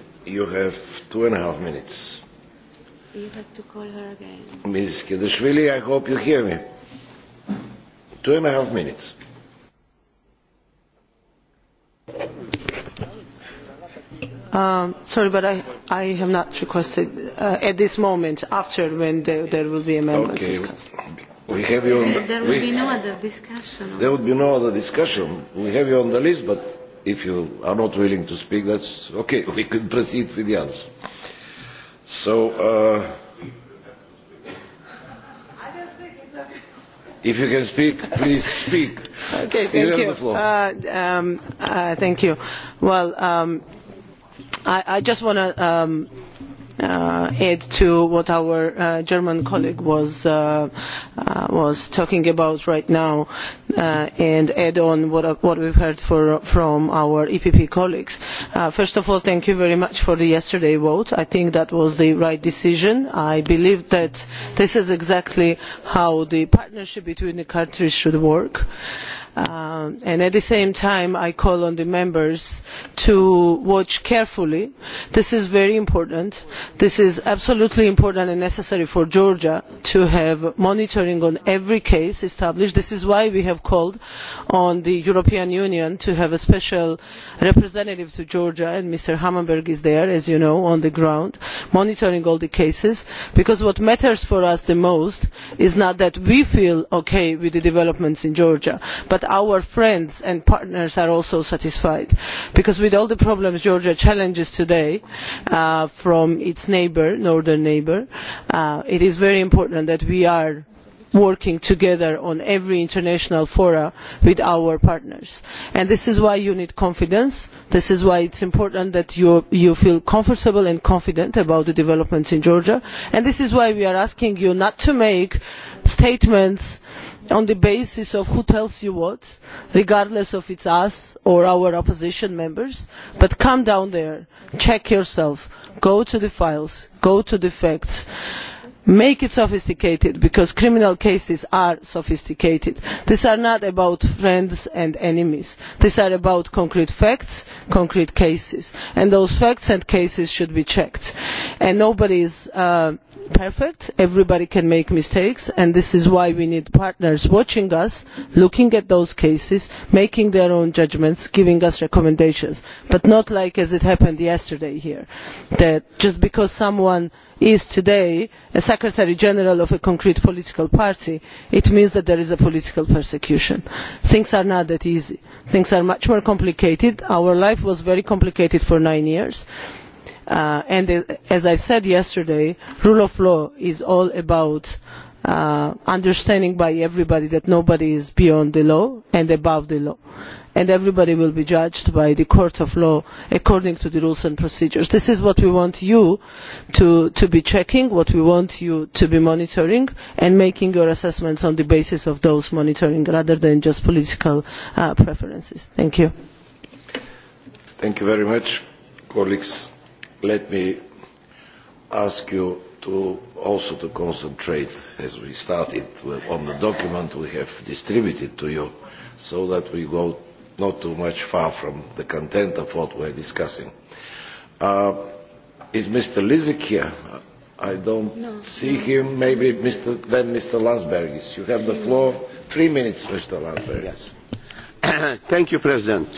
You have two and a half minutes. You have to call her again. Ms. Kedeshvili, I hope you hear me. Two and a half minutes. Um, sorry, but I, I have not requested uh, at this moment, after when there, there will be amendments okay. discussed. We have you on the, there will we, be no other discussion. There will be no other discussion. We have you on the list, but if you are not willing to speak, that's okay. We can proceed with the others. So, uh, if you can speak, please speak. Okay, thank you. You uh, Thank you. Well, I just want to add to what our German colleague was was talking about right now and add on what we've heard from our EPP colleagues. First of all, thank you very much for the yesterday vote. I think that was the right decision. I believe that this is exactly how the partnership between the countries should work and at the same time i call on the members to watch carefully this is very important this is absolutely important and necessary for georgia to have monitoring on every case established this is why we have called on the european union to have a special representative to georgia and mr hammarberg is there as you know on the ground monitoring all the cases because what matters for us the most is not that we feel okay with the developments in georgia that our friends and partners are also satisfied because with all the problems georgia challenges today from its northern neighbour it is very important that we are working together on every international fora with our partners. This is why you need confidence. This is why it is important that you feel comfortable and confident about the developments in Georgia. And this is why we are asking you not to make statements on the basis of who tells you what, regardless of it's us or our opposition members. But come down there, check yourself, go to the files, go to the facts make it sophisticated because criminal cases are sophisticated. these are not about friends and enemies these are about concrete facts concrete cases and those facts and cases should be checked. nobody is perfect everybody can make mistakes and this is why we need partners watching us looking at those cases making their own judgments giving us recommendations but not like as happened yesterday here that just because someone is today a secretary general of a concrete political party it means that there is a political persecution. things are not that easy. things are much more complicated. our life was very complicated for nine years and as i said yesterday rule of law is all about understanding by everybody that nobody is beyond the law and above the law and everybody will be judged by the court of law according to the rules and procedures. This is what we want you to be checking, what we want you to be monitoring and making your assessments on the basis of those monitoring rather than just political preferences. Thank you. Thank you very much. Colleagues, let me ask you also to concentrate as we started on the document we have distributed to you so that we go not too much far from the content of what we are discussing. Is Mr. Lizik here? I don't see him. Maybe Mr. then Mr. Landsbergis. You have the floor. Three minutes, Mr. Landsbergis. Thank you, President.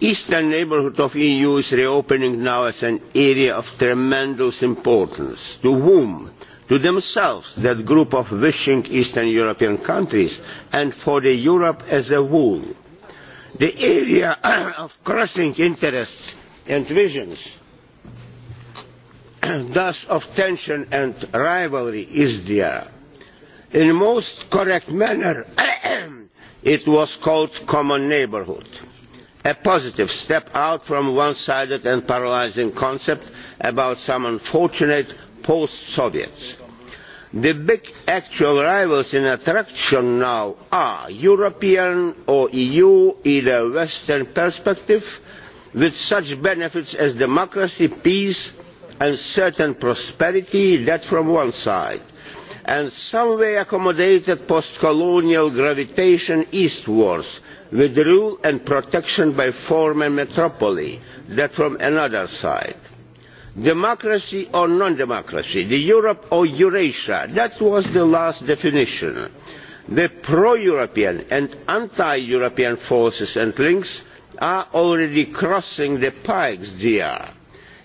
Eastern neighbourhood of EU is reopening now as an area of tremendous importance. To whom? To themselves, that group of wishing Eastern European countries, and for the Europe as a whole the area of crossing interests and visions, thus of tension and rivalry, is there. In the most correct manner, it was called common neighbourhood, a positive step out from one-sided and paralysing concept about some unfortunate post-Soviets The big actual rivals in attraction now are European or EU in a Western perspective, with such benefits as democracy, peace and certain prosperity, that from one side, and some way accommodated post-colonial gravitation eastwards, with rule and protection by former metropoly, that from another side democracy or non democracy, the Europe or Eurasia. That was the last definition. The pro European and anti European forces and links are already crossing the pikes there.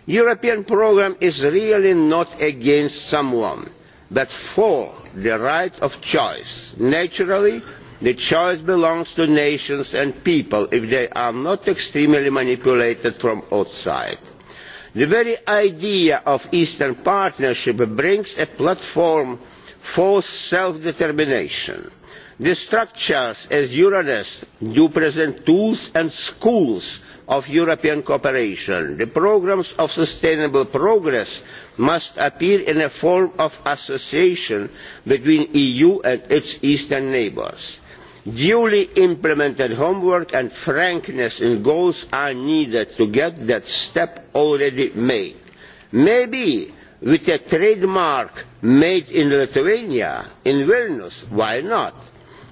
The European programme is really not against someone, but for the right of choice. Naturally, the choice belongs to nations and people if they are not extremely manipulated from outside The very idea of Eastern Partnership brings a platform for self-determination. The structures as Euronest do present tools and schools of European cooperation. The programmes of sustainable progress must appear in a form of association between the EU and its eastern neighbours duly implemented homework and frankness in goals are needed to get that step already made. Maybe with a trademark made in Lithuania, in Vilnius, why not?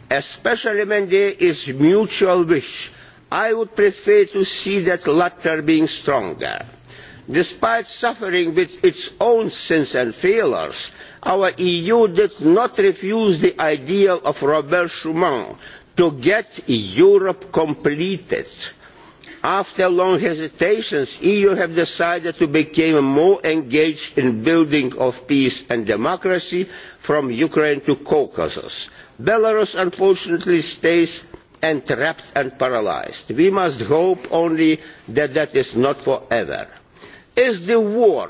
Especially when there is mutual wish. I would prefer to see that latter being stronger. Despite suffering with its own sins and failures, our eu did not refuse the ideal of robert schuman to get europe completed. after long hesitations the eu has decided to become more engaged in the building of peace and democracy from ukraine to caucasus. belarus unfortunately stays entrapped and paralysed. we must hope only that that is not forever. is the war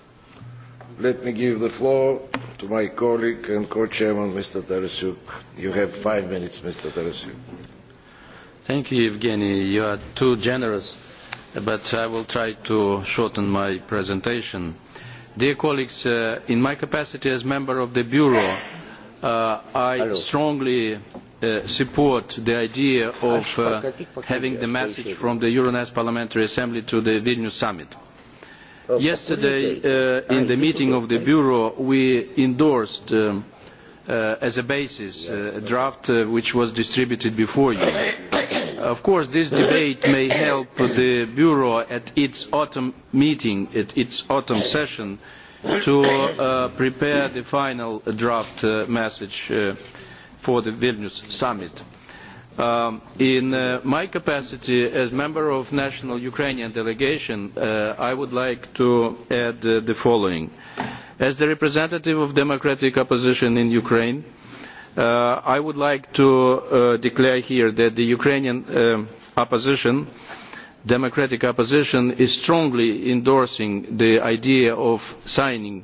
Let me give the floor to my colleague and co-chairman, Mr. Tarasuk. You have five minutes, Mr. Tarasuk. Thank you, Evgeny. You are too generous, but I will try to shorten my presentation. Dear colleagues, in my capacity as member of the Bureau, I strongly support the idea of having the message from the Euronest Parliamentary Assembly to the Vilnius Summit Yesterday, in the meeting of the Bureau, we endorsed as a basis a draft which was distributed before you. Of course, this debate may help the Bureau at its autumn meeting, at its autumn session, to prepare the final draft message for the Vilnius summit in my capacity as member of the national ukrainian delegation i would like to add the following as the representative of the democratic opposition in ukraine i would like to declare here that the ukrainian opposition democratic opposition is strongly endorsing the idea of signing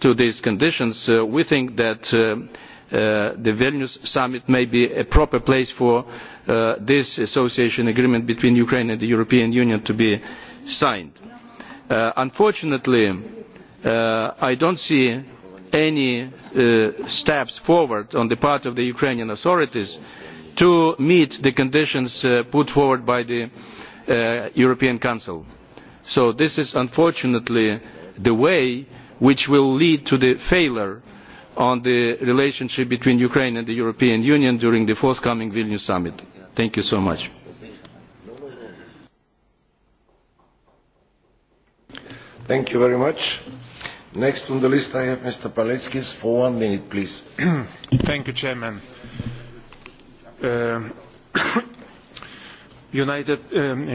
to these conditions, we think that the Vilnius summit may be a proper place for this association agreement between Ukraine and the European Union to be signed. Unfortunately, I don't see any steps forward on the part of the Ukrainian authorities to meet the conditions put forward by the European Council. So this is unfortunately the way which will lead to the failure on the relationship between Ukraine and the European Union during the forthcoming Vilnius summit. Thank you so much. Thank you very much. Next on the list I have Mr. Paleckis for one minute, please. Thank you, Chairman. United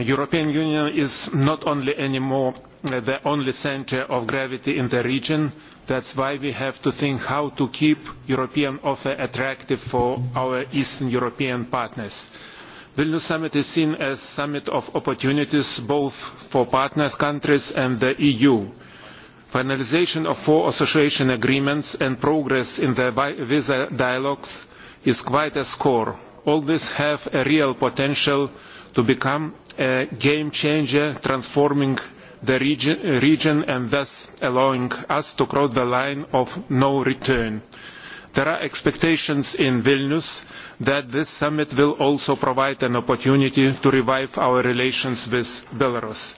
European Union is not only anymore the only centre of gravity in the region. That's why we have to think how to keep European offer attractive for our Eastern European partners. Vilnius Summit is seen as a summit of opportunities both for partner countries and the EU. Finalisation of four association agreements and progress in the visa dialogues is quite a score. All this have a real potential to become a game changer transforming the region and thus allowing us to cross the line of no return. There are expectations in Vilnius that this summit will also provide an opportunity to revive our relations with Belarus.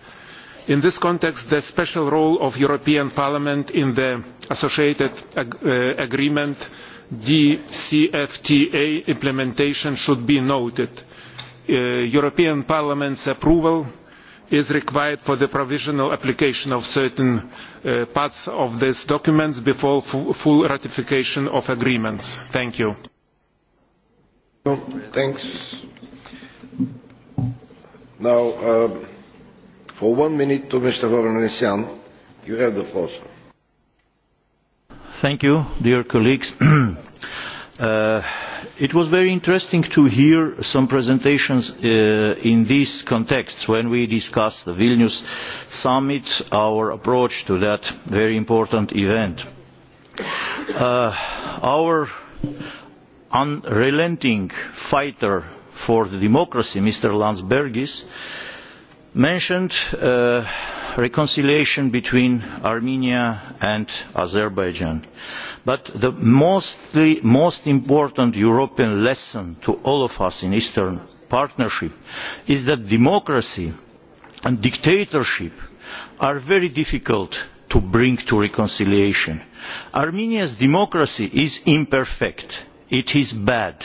In this context, the special role of European Parliament in the Associated Agreement DCFTA implementation should be noted. European Parliament's approval is required for the provisional application of certain parts of these documents before full ratification of agreements. Thank you. Thanks. Now, for one minute to Mr. Vavranesian, you have the floor. Thank you, dear colleagues. It was very interesting to hear some presentations in this context when we discussed the Vilnius summit, our approach to that very important event. Our unrelenting fighter for democracy, Mr. Landsbergis, mentioned reconciliation between Armenia and Azerbaijan. But the most important European lesson to all of us in Eastern Partnership is that democracy and dictatorship are very difficult to bring to reconciliation. Armenia's democracy is imperfect. It is bad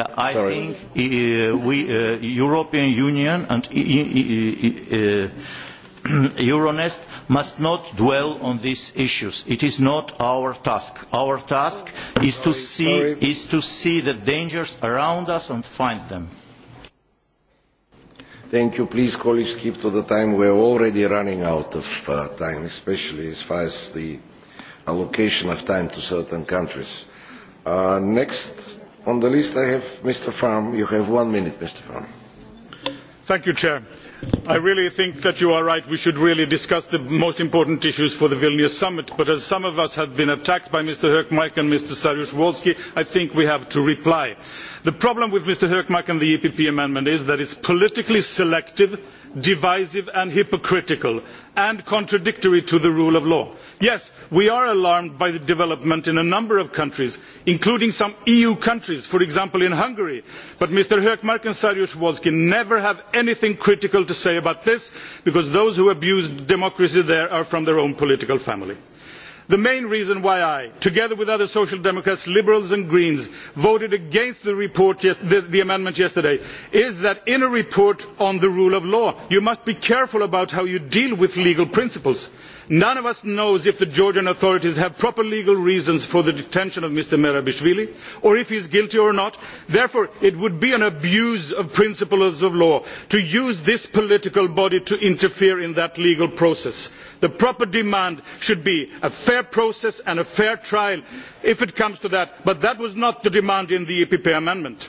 I think the European Union and Euronest must not dwell on these issues. It is not our task. Our task is to see is to see the dangers around us and find them. Thank you. Please, colleagues, keep to the time. We are already running out of time, especially as far as the allocation of time to certain countries. Next On the list I Mr. Farm. You have minute, Mr. Farm. I really think that you are right. We should really discuss the most important issues for the Vilnius summit. But as some of us have been attacked by Mr. Hökmark and Mr. Saryusz-Wolski, I think we have to reply. The problem with Mr. Hökmark and the EPP amendment is that it is politically selective divisive and hypocritical and contradictory to the rule of law. yes we are alarmed by the development in a number of countries including some eu countries for example in hungary but mr hkmark and saryusz wolski never have anything critical to say about this because those who abuse democracy there are from their own political family the main reason why i together with other social democrats liberals and greens voted against the amendment yesterday is that in a report on the rule of law you must be careful about how you deal with legal principles none of us knows if the georgian authorities have proper legal reasons for the detention of mr merabishvili or if he is guilty or not. therefore it would be an abuse of principles of law to use this political body to interfere in that legal process. the proper demand should be a fair process and a fair trial if it comes to that but that was not the demand in the epp amendment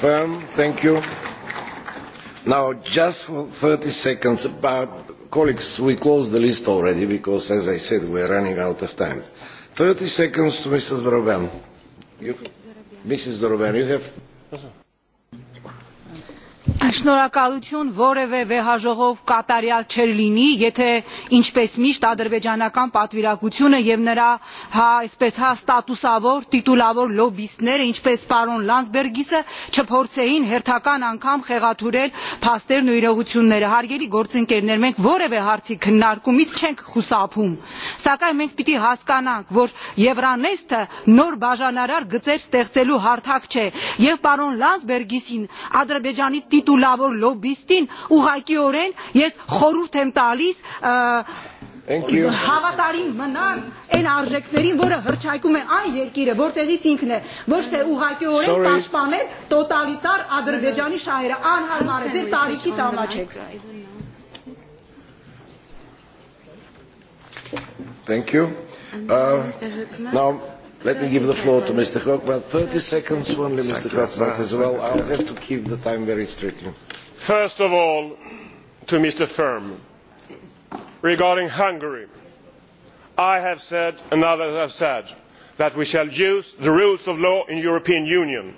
firm. Thank you. Now, just for 30 seconds, about colleagues, we closed the list already because, as I said, we are running out of time. 30 seconds to Mrs. Dorovan. Mrs. Dorovan, you have Շնորհակալություն որևէ վեհաժողով կատարյալ չեր լինի, եթե ինչպես միշտ ադրբեջանական պատվիրակությունը եւ նրա հա այսպես հա ստատուսավոր, տիտուլավոր լոբիստները, ինչպես պարոն Լանսբերգիսը չփորձեին հերթական անգամ խեղաթուրել փաստերն ու իրողությունները։ Հարգելի գործընկերներ, մենք որևէ հարցի քննարկումից չենք խուսափում, սակայն մենք պիտի հասկանանք, որ Եվրանեստը նոր բաժանարար գծեր ստեղծելու հարթակ չէ, եւ պարոն Լանսբերգիսին ադրբեջանի տիտուլավոր լոբիստին ուղղակիորեն ես խորհուրդ եմ տալիս հավատարին մնան այն արժեքներին, որը հրճայկում է այն երկիրը, որտեղից ինքն է, ոչ թե օրեն պաշտպանել տոտալիտար Ադրբեջանի շահերը, անհարմար է, ձեր տարիքի ճանաչեք։ Thank you. Uh, now Let me give the floor to Mr. Kochman. 30 seconds only, Mr. Kochman, as well. I'll have to keep the time very strictly. First of all, to Mr. Firm, regarding Hungary, I have said and others have said that we shall use the rules of law in the European Union,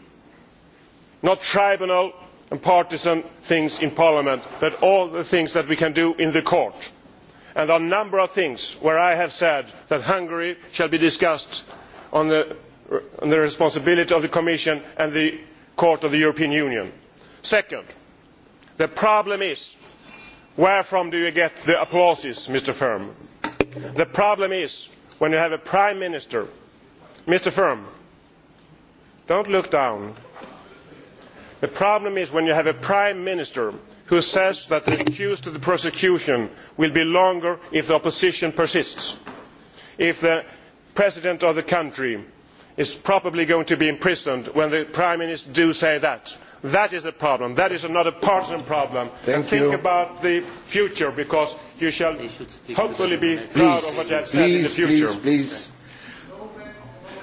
not tribunal and partisan things in Parliament, but all the things that we can do in the court. And there are a number of things where I have said that Hungary shall be discussed on the responsibility of the commission and the court of the european union. second the problem is where from do you get the applause mr firm? the problem is when you have a prime minister mr firm do not look down the problem is when you have a prime minister who says that the accused to the prosecution will be longer if the opposition persists if the president of the country is probably going to be imprisoned when the prime minister does say that. that is a problem. that is not a partisan problem. think about the future because you shall hopefully be proud of what you have said in the future.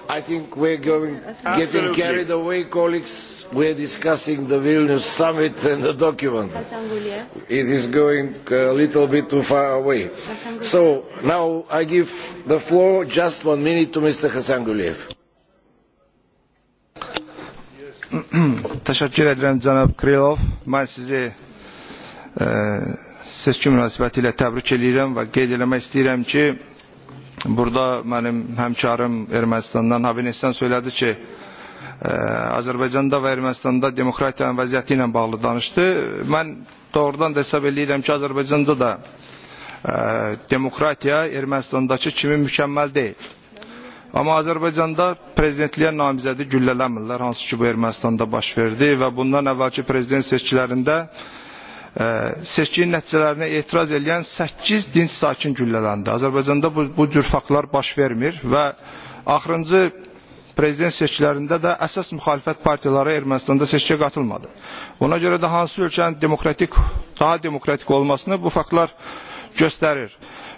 I think we're going, getting carried away, colleagues. We're discussing the Vilnius summit and the document. It is going a little bit too far away. So now I give the floor just one minute to Mr. hasanguliev. Teşekkür ederim Cənab Krilov. Mən sizi seçki münasibətilə təbrik edirəm və qeyd eləmək istəyirəm ki, Burada mənim həmkarım Ermənistandan Havinistan söylədi ki, Azərbaycanda və Ermənistanda demokratiyanın vəziyyəti ilə bağlı danışdı. Mən doğrudan da hesab edirəm ki, Azərbaycanda da demokratiya Ermənistandakı kimi mükəmməl deyil. Amma Azərbaycanda prezidentliyə namizədi güllələmirlər, hansı ki bu Ermənistanda baş verdi və bundan əvvəlki prezident seçkilərində seçki nəticələrinə etiraz edən 8 dinç sakin güllələndi. Azərbaycanda bu, bu cür faktlar baş vermir və axırıncı prezident seçkilərində də əsas müxalifət partiyaları Ermənistanda seçkiyə qatılmadı. Ona görə də hansı ölkənin demokratik, daha demokratik olmasını bu faktlar göstərir.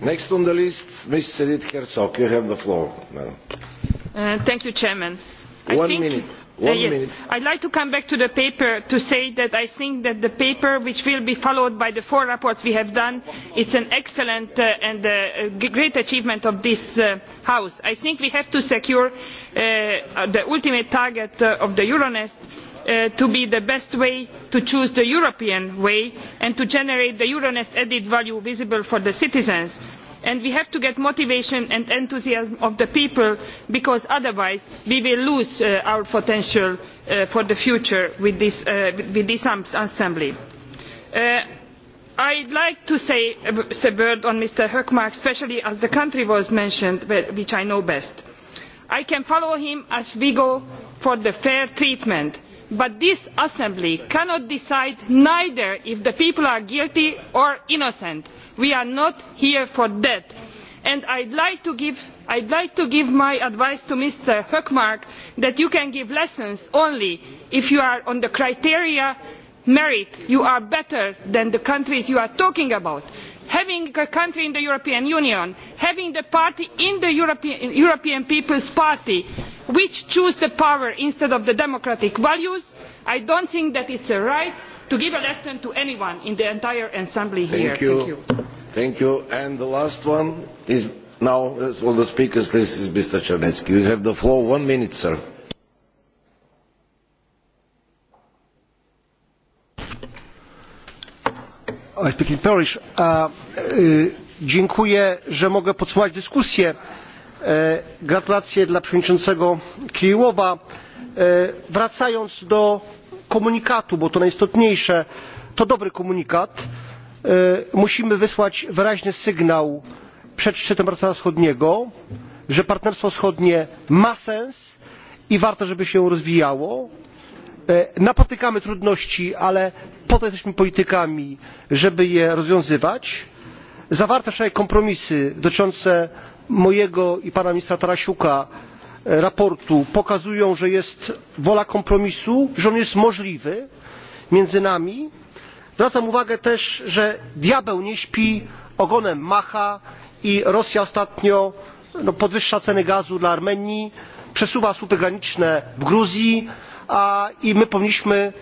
Next on the list, Ms. Edith Herzog. You have the floor, madam. Thank you, Chairman. One minute. I I'd like to come back to the paper to say that I think that the paper, which will be followed by the four reports we have done, is an excellent and great achievement of this House. I think we have to secure the ultimate target of the Euronest to be the best way to choose the European way and to generate the Euronest added value visible for the citizens. And we have to get motivation and enthusiasm of the people, because otherwise we will lose our potential for the future with this assembly. I would like to say a word on Mr Hökmark, especially as the country was mentioned, which I know best. I can follow him as we go for the fair treatment but this assembly cannot decide neither if the people are guilty or innocent. we are not here for that. i would like to give my advice to mr hkmark that you can give lessons only if you are on the criteria merit you are better than the countries you are talking about. having a country in the european union having the party in the european people's party which choose the power instead of the democratic values i do not think that it is right to give a lesson to anyone in the entire assembly here. thank you. and the last one is now on the speakers list is mr czarnecki. you have the floor one minute sir. I speak in Polish. Dziękuję, że mogę podsumować dyskusję gratulacje dla przewodniczącego kiryłowa. wracając do komunikatu bo to najistotniejsze to dobry komunikat musimy wysłać wyraźny sygnał przed szczytem partnerstwa wschodniego że partnerstwo wschodnie ma sens i warto żeby się rozwijało. napotykamy trudności ale po to jesteśmy politykami żeby je rozwiązywać. zawarte wczoraj kompromisy dotyczące mojego i pana ministra tarasiuka sprawozdania pokazują że jest wola kompromisu że on jest możliwy między nami. zwracam uwagę też że diabeł nie śpi ogonem macha i rosja ostatnio podwyższa ceny gazu dla armenii przesuwa słupy graniczne w gruzji i my powinniśmy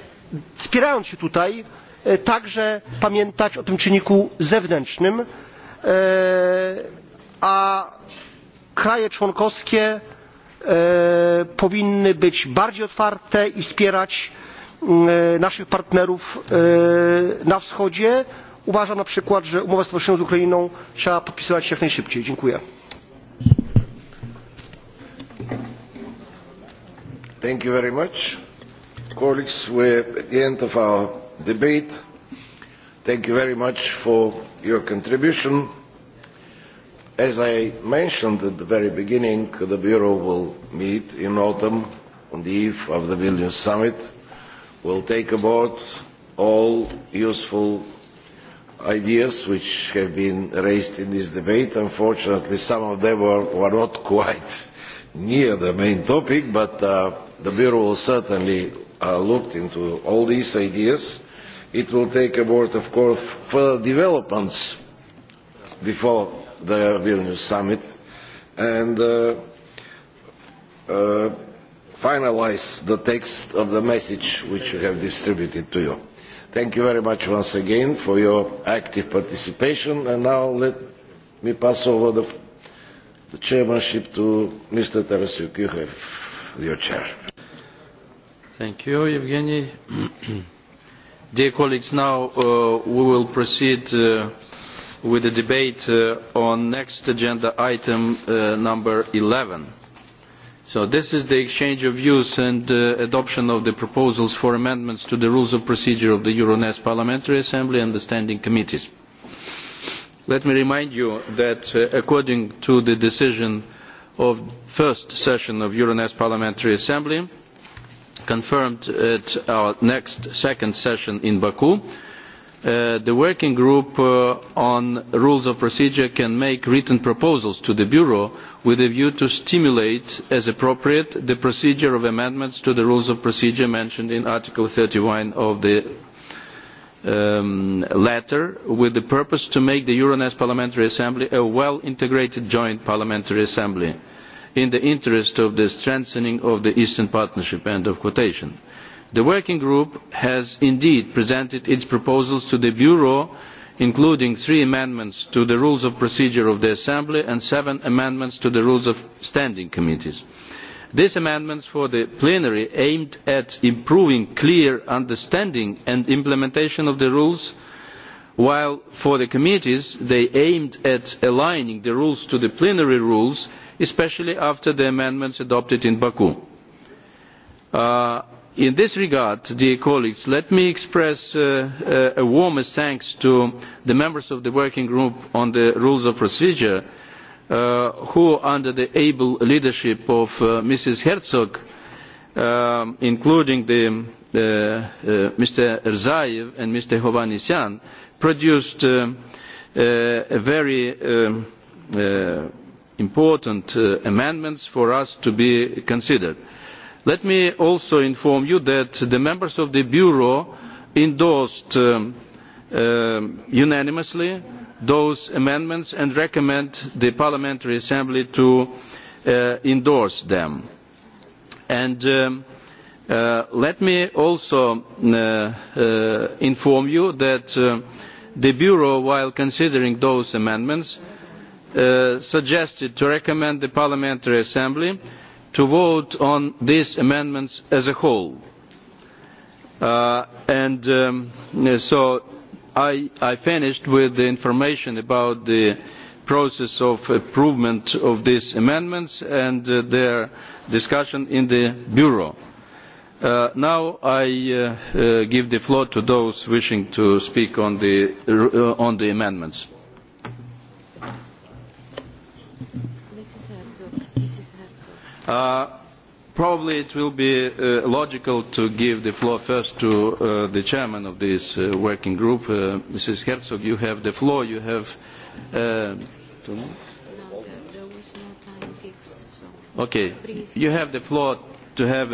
spierając się tutaj także pamiętać o tym czynniku zewnętrznym a kraje członkowskie powinny być bardziej otwarte i wspierać naszych partnerów na wschodzie. uważam na przykład że umowę stowarzyszeniową z ukrainą trzeba podpisywać jak najszybciej. dziękuję. As I mentioned at the very beginning, the Bureau will meet in autumn on the eve of the Vilnius Summit. will take aboard all useful ideas which have been raised in this debate. Unfortunately, some of them were not quite near the main topic, but the Bureau will certainly look into all these ideas. It will take aboard, of course, further developments before the Vilnius summit and finalize the text of the message which we have distributed to you. Thank you very much once again for your active participation and now let me pass over the chairmanship to Mr. Tarasuk. You have your chair. Thank you, Evgeny. Dear colleagues, now we will proceed with the debate on next agenda item number 11. So this is the exchange of views and adoption of the proposals for amendments to the rules of procedure of the Euronest Parliamentary Assembly and the standing committees. Let me remind you that according to the decision of first session of Euronest Parliamentary Assembly, confirmed at our next second session in Baku, the working group on rules of procedure can make written proposals to the bureau with a view to stimulate as appropriate the procedure of amendments to the rules of procedure mentioned in article 31 of the letter with the purpose to make the euronest parliamentary assembly a well integrated joint parliamentary assembly in the interest of the strengthening of the eastern partnership end of quotation the working group has indeed presented its proposals to the bureau including three amendments to the rules of procedure of the assembly and seven amendments to the rules of standing committees. these amendments for the plenary aimed at improving clear understanding and implementation of the rules while for the committees they aimed at aligning the rules to the plenary rules especially after the amendments adopted in baku in this regard dear colleagues let me express a warmest thanks to the members of the working group on the rules of procedure who under the able leadership of mrs herczog including mr erzaev and mr hovhannisyan produced very important amendments for us to be considered. Let me also inform you that the members of the Bureau endorsed unanimously those amendments and recommend the Parliamentary Assembly to endorse them. And let me also inform you that the Bureau, while considering those amendments, suggested to recommend the Parliamentary Assembly to vote on these amendments as a whole. And so I finished with the information about the process of improvement of these amendments and their discussion in the Bureau. Now I give the floor to those wishing to speak on the amendments. Probably it will be logical to give the floor first to the chairman of this working group, Mrs. Herzog. You have the floor. You have. Okay, you have the floor to have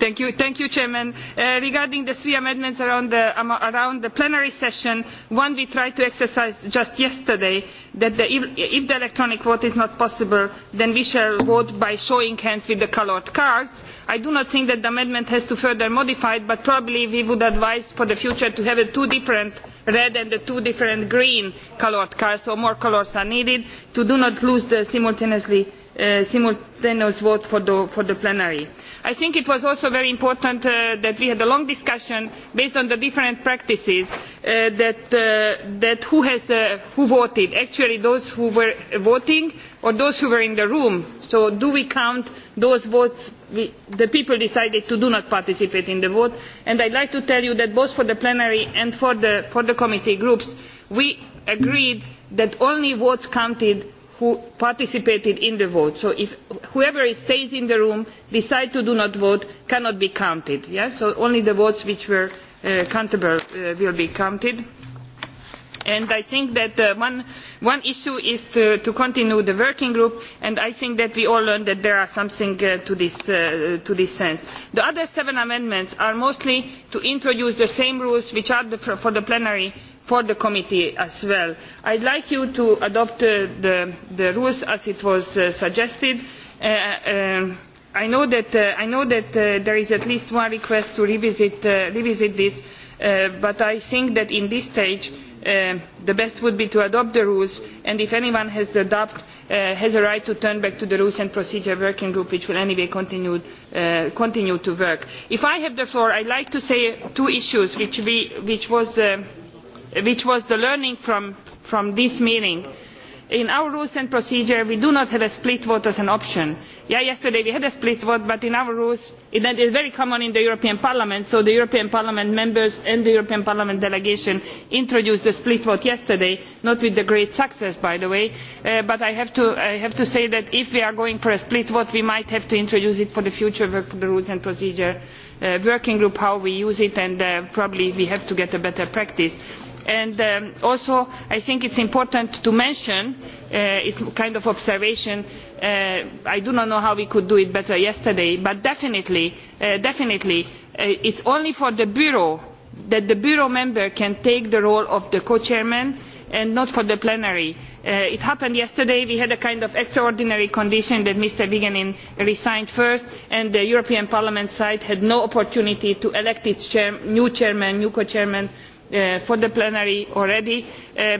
Thank you, Chairman. Regarding the three amendments around the plenary session, one we tried to exercise just yesterday, that if the electronic vote is not possible, then we shall vote by showing hands with the coloured cards. I do not think that the amendment has to further modify but probably we would advise for the future to have two different red and two different green coloured cards, so more colours are needed to do not lose the simultaneously simultaneous vote for the plenary. i think it was also very important that we had a long discussion based on the different practices that who has voted actually those who were voting or those who were in the room so do we count those votes the people decided to do not participate in the vote and would like to tell you that both for the plenary and for the committee groups we agreed that only votes counted who participated in the vote. So if whoever stays in the room, decides to do not vote, cannot be counted. So only the votes which were countable will be counted. And I think that one issue is to continue the working group, and I think that we all learned that there are something to this sense. The other seven amendments are mostly to introduce the same rules which are for the plenary for the committee as well. i would like you to adopt the rules as it was suggested. i know that there is at least one request to revisit this but i think that at this stage the best would be to adopt the rules and if anyone has a doubt has a right to turn back to the rules and procedure working group which will anyway continue to work. if i have the floor i would like to say two issues which was which was the learning from this meeting. In our rules and procedure we do not have a split vote as an option. Yesterday we had a split vote, but in our rules it is very common in the European Parliament, so the European Parliament members and the European Parliament delegation introduced the split vote yesterday, not with great success by the way, but I have to say that if we are going for a split vote we might have to introduce it for the future work the rules and procedure working group, how we use it and probably we have to get a better practice and also i think it is important to mention it is a kind of observation i do not know how we could do it better yesterday but definitely it is only for the bureau that the bureau member can take the role of the co chair and not for the plenary. it happened yesterday we had a kind of extraordinary condition that mr vigenin resigned first and the european parliament side had no opportunity to elect its new chairman new co chairman for the plenary already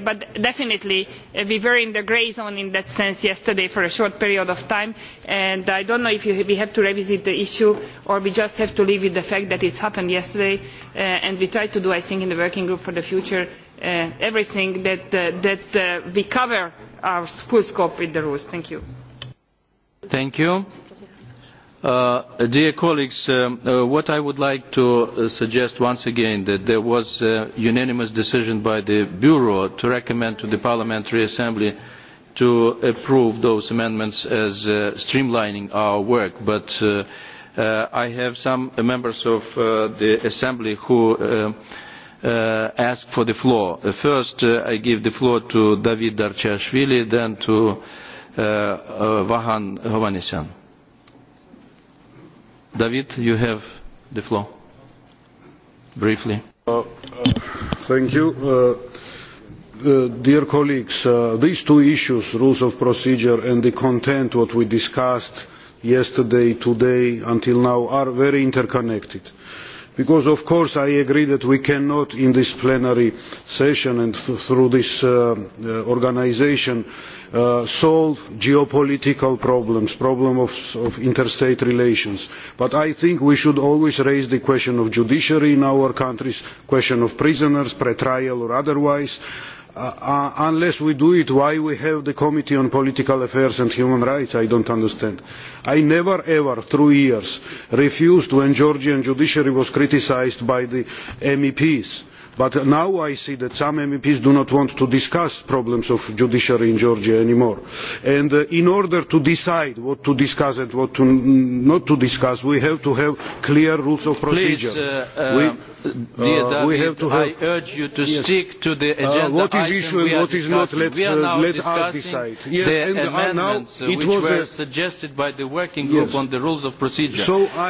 but definitely we were in the grey zone in that sense yesterday for a short period of time and i do not know if we have to revisit the issue or we just have to live with the fact that it happened yesterday and we try to do i think in the working group for the future everything that we cover our full scope with the rules. thank you. Dear colleagues, what I would like to suggest once again that there was a unanimous decision by the Bureau to recommend to the Parliamentary Assembly to approve those amendments as streamlining our work, but I have some members of the Assembly who ask for the floor. First, I give the floor to David Darciashvili, then to Vahan Hovanesyan. David, you have the floor. Briefly. Thank you. Dear colleagues, these two issues, rules of procedure and the content what we discussed yesterday, today, until now, are very interconnected because of course i agree that we cannot in this plenary session and through this organisation solve geopolitical problems problems of interstate relations but i think we should always raise the question of judiciary in our countries the question of prisoners pre trial or otherwise unless we do it why we have the committee on political affairs and human rights i don't understand i never ever through years refused when georgian judiciary was criticised by the meps But now I see that some MEPs do not want to discuss problems of judiciary in Georgia anymore. And in order to decide what to discuss and what not to discuss, we have to have clear rules of procedure. I urge you to stick to the agenda. What is issue and what is not, let us decide. The amendments which were suggested by the working group on the rules of procedure.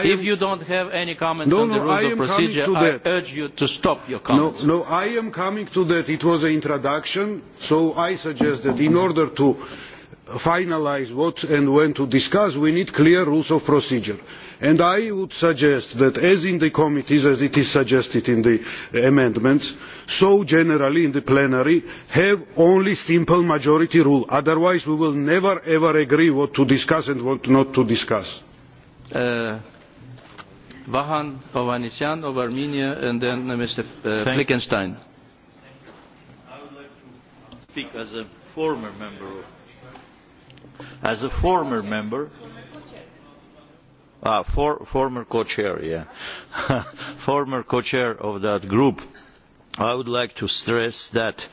If you don't have any comments on the rules of procedure, I urge you to stop your comments. No, I am coming to that. It was an introduction, so I suggest that in order to finalise what and when to discuss, we need clear rules of procedure. And I would suggest that, as in the committees, as it is suggested in the amendments, so generally in the plenary, have only simple majority rule. Otherwise, we will never ever agree what to discuss and what not to discuss. Vahan Ovanisyan of Armenia and then Mr. Flickenstein. I would like to speak as a former member of as a former member ah, for, former co-chair yeah former co-chair of that group I would like to stress that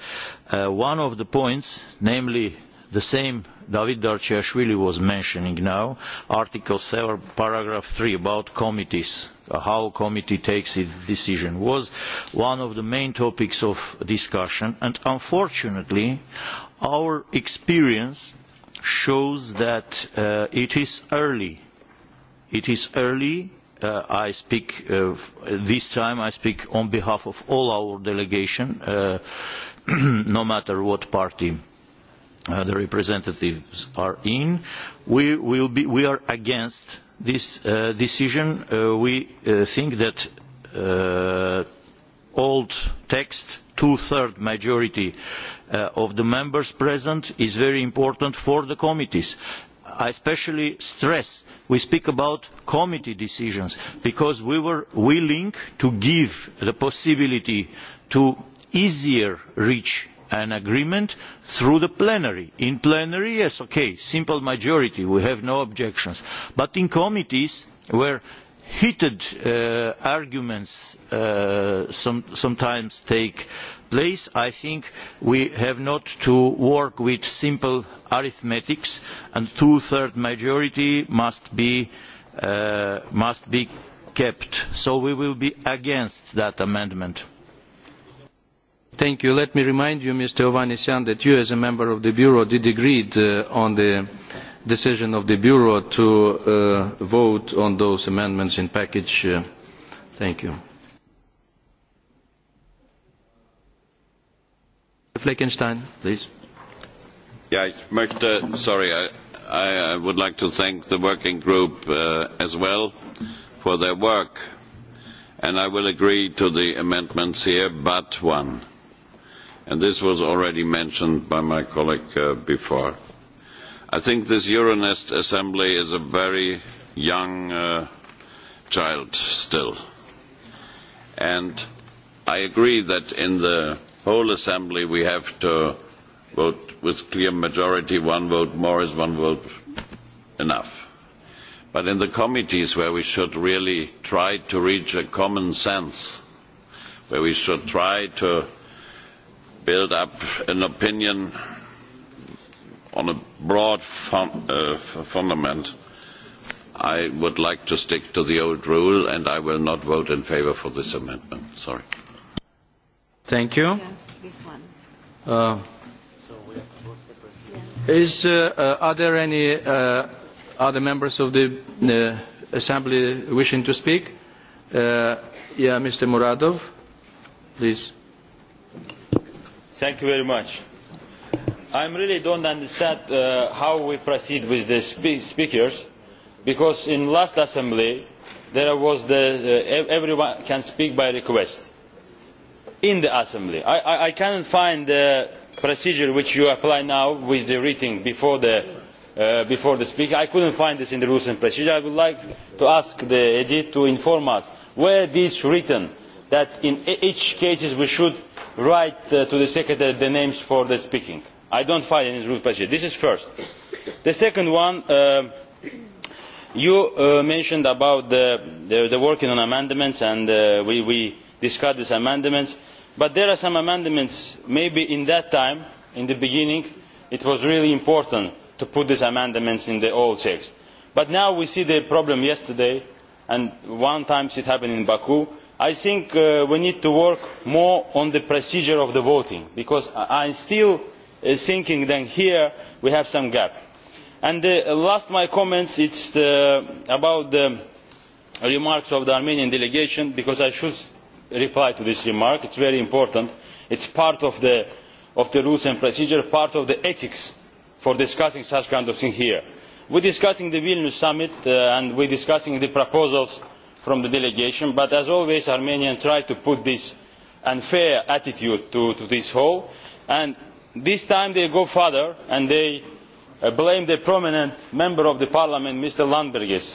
one of the points namely the same David Darciashvili was mentioning now, Article 7, Paragraph 3 about committees, how a committee takes its decision, was one of the main topics of discussion. And unfortunately, our experience shows that it is early. It is early. I speak this time. I speak on behalf of all our delegation, no matter what party the representatives are in. We will be we are against this decision. We think that old text two third majority of the members present is very important for the committees. I especially stress we speak about committee decisions because we were willing to give the possibility to easier reach an agreement through the plenary. In plenary, yes, okay, simple majority, we have no objections. But in committees where heated arguments sometimes take place, I think we have not to work with simple arithmetics and two-thirds majority must be kept. So we will be against that amendment. Thank you. Let me remind you, Mr. Ovanesyan, that you as a member of the Bureau did agree on the decision of the Bureau to vote on those amendments in package. Thank you. Mr. Fleckenstein, please. sorry, I would like to thank the working group as well for their work. And I will agree to the amendments here, but one and this was already mentioned by my colleague before. I think this Euronest Assembly is a very young child still, and I agree that in the whole Assembly we have to vote with clear majority, one vote more is one vote enough. But in the committees where we should really try to reach a common sense, where we should try to build up an opinion on a broad fundament, I would like to stick to the old rule and I will not vote in favour for this amendment. Sorry. Thank you. Are there any other members of the Assembly wishing to speak? Yeah, Mr. Muradov, please. Thank you very much. I really don't understand how we proceed with the speakers, because in last assembly there was the everyone can speak by request. In the assembly, I cannot find the procedure which you apply now with the reading before the speaker. I couldn't find this in the rules and procedure. I would like to ask the edit to inform us where this written that in each case we should write to the secretary the names for the speaking. I don't find any rule procedure. This is first. The second one, you mentioned about the working on amendments and we discussed these amendments, but there are some amendments maybe in that time, in the beginning, it was really important to put these amendments in the old text. But now we see the problem yesterday, and one time it happened in Baku i think we need to work more on the procedure of the voting because i am still thinking that here we have some gap. and last my comments is about the remarks of the armenian delegation because i should reply to this remark it is very important it is part of the rules and procedure part of the ethics for discussing such kind of things here. we are discussing the vilnius summit and we are discussing the proposals from the delegation but as always Armenians try to put this unfair attitude to this whole and this time they go further and they blame the prominent member of the parliament mr landsbergis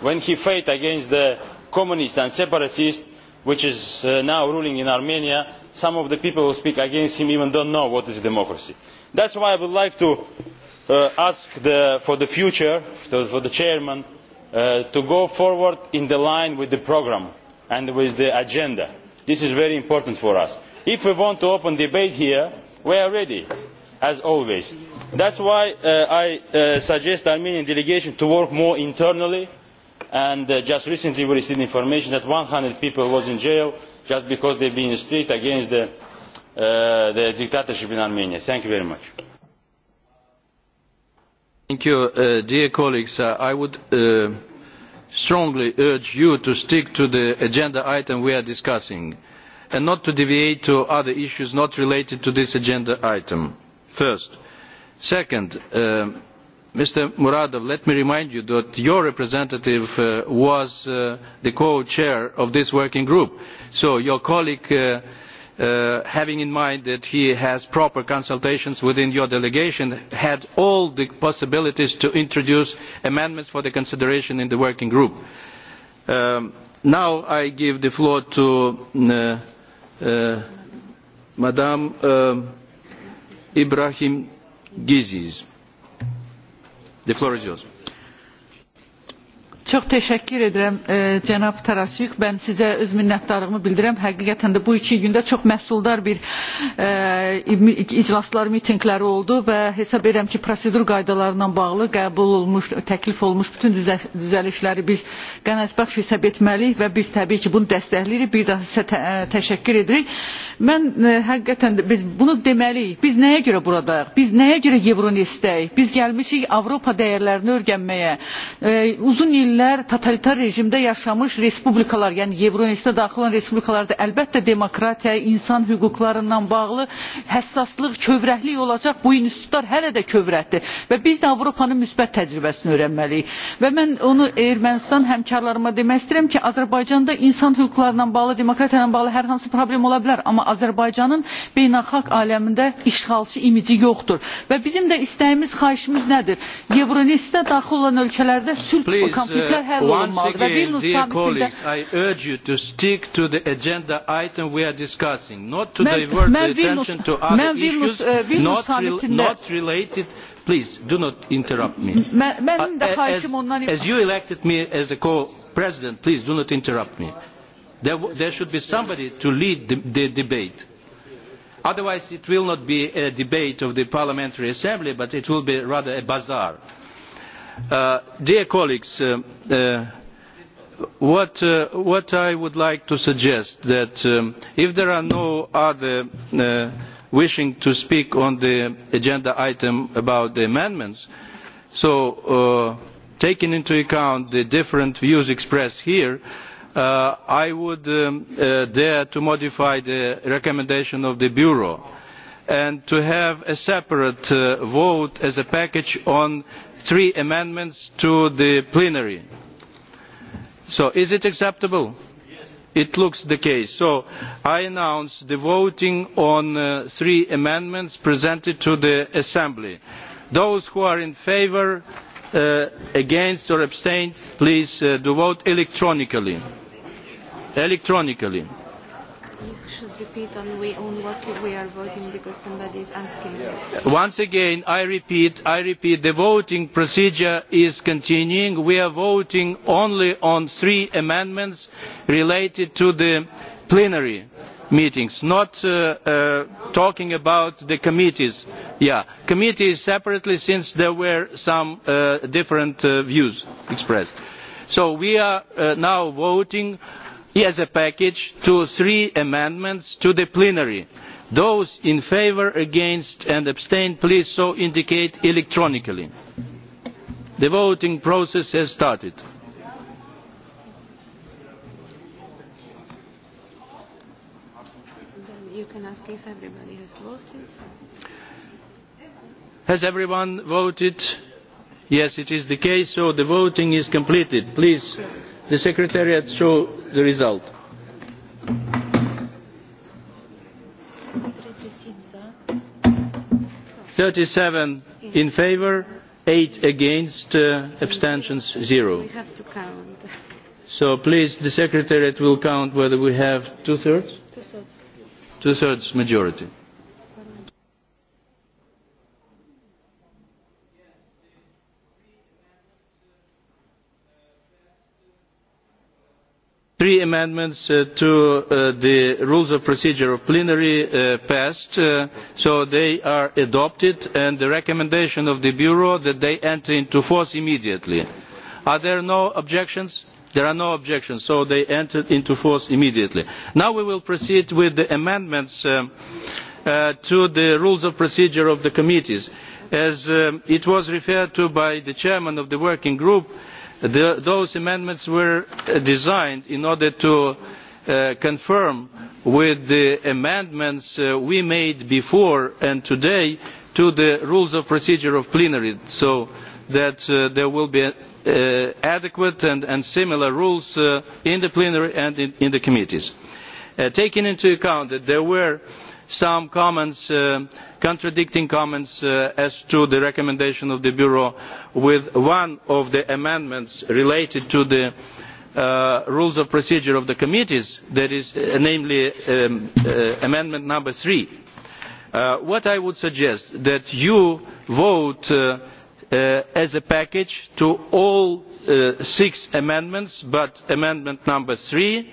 when he fought against the communists and separatists which is now ruling in armenia some of the people who speak against him even don't know what is democracy. that is why i would like to ask for the future for the chairman to go forward in line with the programme and with the agenda. this is very important for us. if we want to open debate here we are ready as always. that is why i suggest the armenian delegation to work more internally and just recently we received information that 100 people were in jail just because they have been in the street against the dictatorship in armenia. thank you very much. Thank you, dear colleagues. I would strongly urge you to stick to the agenda item we are discussing and not to deviate to other issues not related to this agenda item. First. Second, Mr. Muradov, let me remind you that your representative was the co-chair of this working group. So your colleague having in mind that he has proper consultations within your delegation had all the possibilities to introduce amendments for the consideration in the working group. now i give the floor to madam ibrahim Giziz the floor is yours. Çox təşəkkür edirəm cənab Tarasyuk. Mən sizə öz minnətdarlığımı bildirirəm. Həqiqətən də bu iki gündə çox məhsuldar bir iclaslar, mitinqləri oldu və hesab edirəm ki, prosedur ilə bağlı qəbul olmuş, təklif olmuş bütün düzəlişləri biz qənaətbəxş hesab etməliyik və biz təbii ki, bunu dəstəkləyirik. Bir daha sizə təşəkkür edirik. Mən həqiqətən də biz bunu deməliyik. Biz nəyə görə buradayıq? Biz nəyə görə Euronestəyik? Biz gəlmişik Avropa dəyərlərini öyrənməyə. Uzun illər ermeniler totalitar rejimdə yaşamış respublikalar yəni euronestə daxil olan respublikalarda əlbəttə demokratiya insan hüquqlarından bağlı həssaslıq kövrəklik olacaq bu institutlar hələ də kövrətdir və biz də avropanın müsbət təcrübəsini öyrənməliyik və mən onu ermənistan həmkarlarıma demək istəyirəm ki azərbaycanda insan hüquqlarla bağlı demokratiya ilə bağlı hər hansı problem ola bilər amma azərbaycanın beynəlxalq aləmində işğalçı imici yoxdur və bizim də istəyimiz xahişimiz nədir euronestə daxil olan ölkələrdə sülh konflikt once again, dear colleagues, I urge you to stick to the agenda item we are discussing, not to divert the attention to other issues not related. Please, do not interrupt me. As you elected me as a co-president, please do not interrupt me. There should be somebody to lead the debate. Otherwise, it will not be a debate of the Parliamentary Assembly, but it will be rather a bazaar. Dear colleagues, what I would like to suggest is that if there are no other wishing to speak on the agenda item about the amendments, so taking into account the different views expressed here, I would dare to modify the recommendation of the Bureau and to have a separate vote as a package on three amendments to the plenary. So is it acceptable? It looks the case. So I announce the voting on three amendments presented to the Assembly. Those who are in favour, against or abstain, please do vote electronically. Electronically should repeat on we are voting because somebody is asking. Once again, I repeat, I repeat, the voting procedure is continuing. We are voting only on three amendments related to the plenary meetings, not talking about the committees. Yeah, committees separately since there were some different views expressed. So we are now voting has a package to three amendments to the plenary. Those in favour, against and abstain please so indicate electronically. The voting process has started. has Has everyone voted? Yes, it is the case, so the voting is completed. Please The Secretariat show the result. Thirty seven in favour, eight against, abstentions zero. So please the Secretariat will count whether we have two thirds? Two thirds majority. three amendments to the rules of procedure of plenary passed so they are adopted and the recommendation of the bureau that they enter into force immediately. are there no objections? there are no objections so they enter into force immediately. now we will proceed with the amendments to the rules of procedure of the committees. as it was referred to by the chairman of the working group Those amendments were designed in order to confirm with the amendments we made before and today to the rules of procedure of plenary so that there will be adequate and similar rules in the plenary and in the committees. Taking into account that there were some comments contradicting comments as to the recommendation of the bureau with one of the amendments related to the rules of procedure of the committees that is namely amendment number three. what i would suggest is that you vote as a package to all six amendments but amendment number three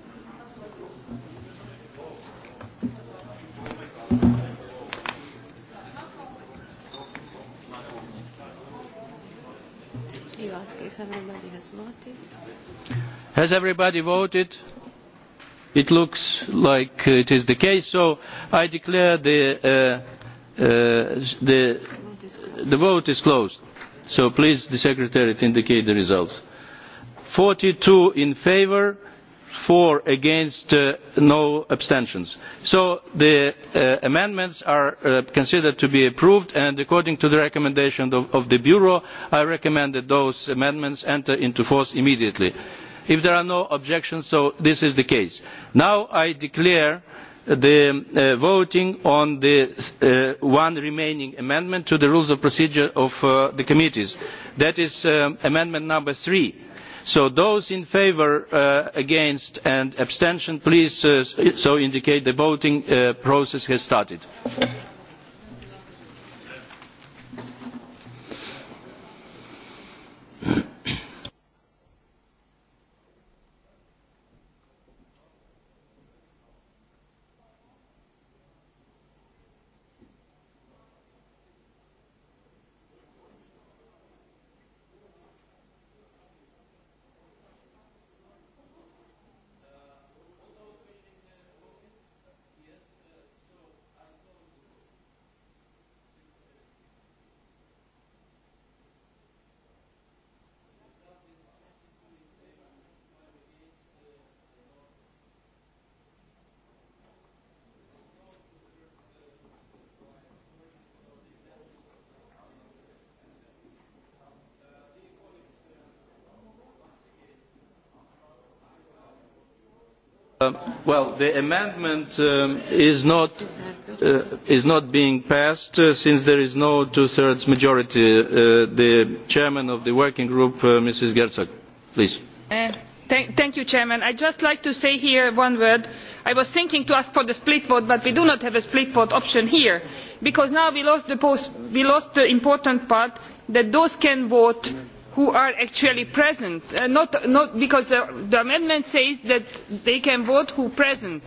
has everybody voted? It looks like it is the case, so I declare the the vote is closed. So please, the Secretary, indicate the results. 42 in favour four against no abstentions so the amendments are considered to be approved and according to the recommendation of the bureau i recommend that those amendments enter into force immediately if there are no objections so this is the case now i declare the voting on the one remaining amendment to the rules of procedure of the committees that is amendment number 3 So those in favour, against and abstention, please so indicate the voting process has started. Well, the amendment is not is not being passed since there is no two-thirds majority. The chairman of the working group, Mrs. Gerzog, please. Thank you, chairman. I just like to say here one word. I was thinking to ask for the split vote, but we do not have a split vote option here, because now we lost the important part that those can vote who are actually present because the amendment says that they can vote who are present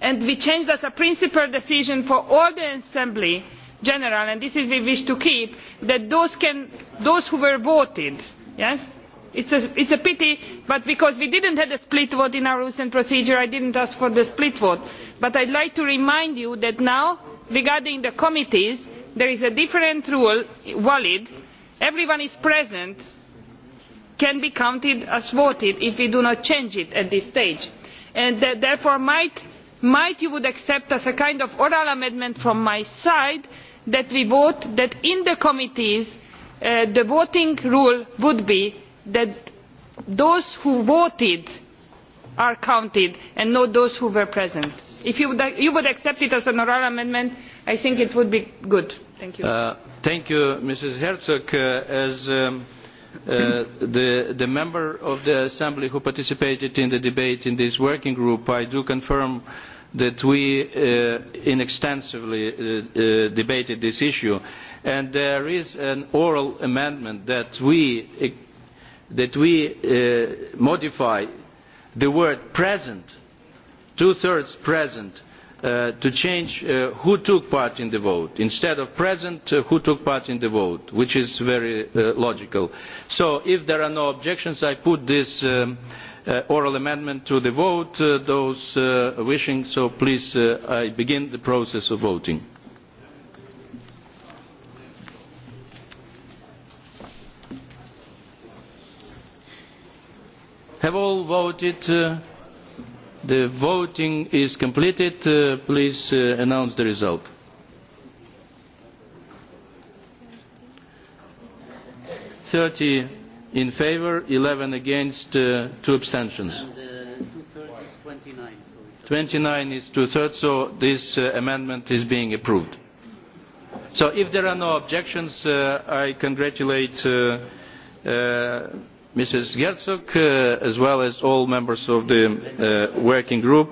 and we changed as a principle decision for all the assembly general and this is we wish to keep that those who were voted yes it is a pity but because we did not have a split vote in our rules and procedure i did not ask for the split vote but i would like to remind you that now regarding the committees there is a different rule valid everyone is present can be counted as voted if we do not change it at this stage. And therefore might you would accept as a kind of oral amendment from my side that we vote that in the committees the voting rule would be that those who voted are counted and not those who were present. If you would accept it as an oral amendment, I think it would be good. Thank you. Thank you, Mrs. Herzog the member of the assembly who participated in the debate in this working group i do confirm that we extensively debated this issue and there is an oral amendment that we modify the word present two thirds present' to change who took part in the vote instead of present who took part in the vote which is very logical. so if there are no objections i put this oral amendment to the vote. those wishing so please i begin the process of voting. have all voted? The voting is completed. Please announce the result. Thirty in favor, 11 against, two abstentions. Two-thirds is 29. 29 is two-thirds, so this amendment is being approved. So if there are no objections, I congratulate Mrs. herczog as well as all members of the working group,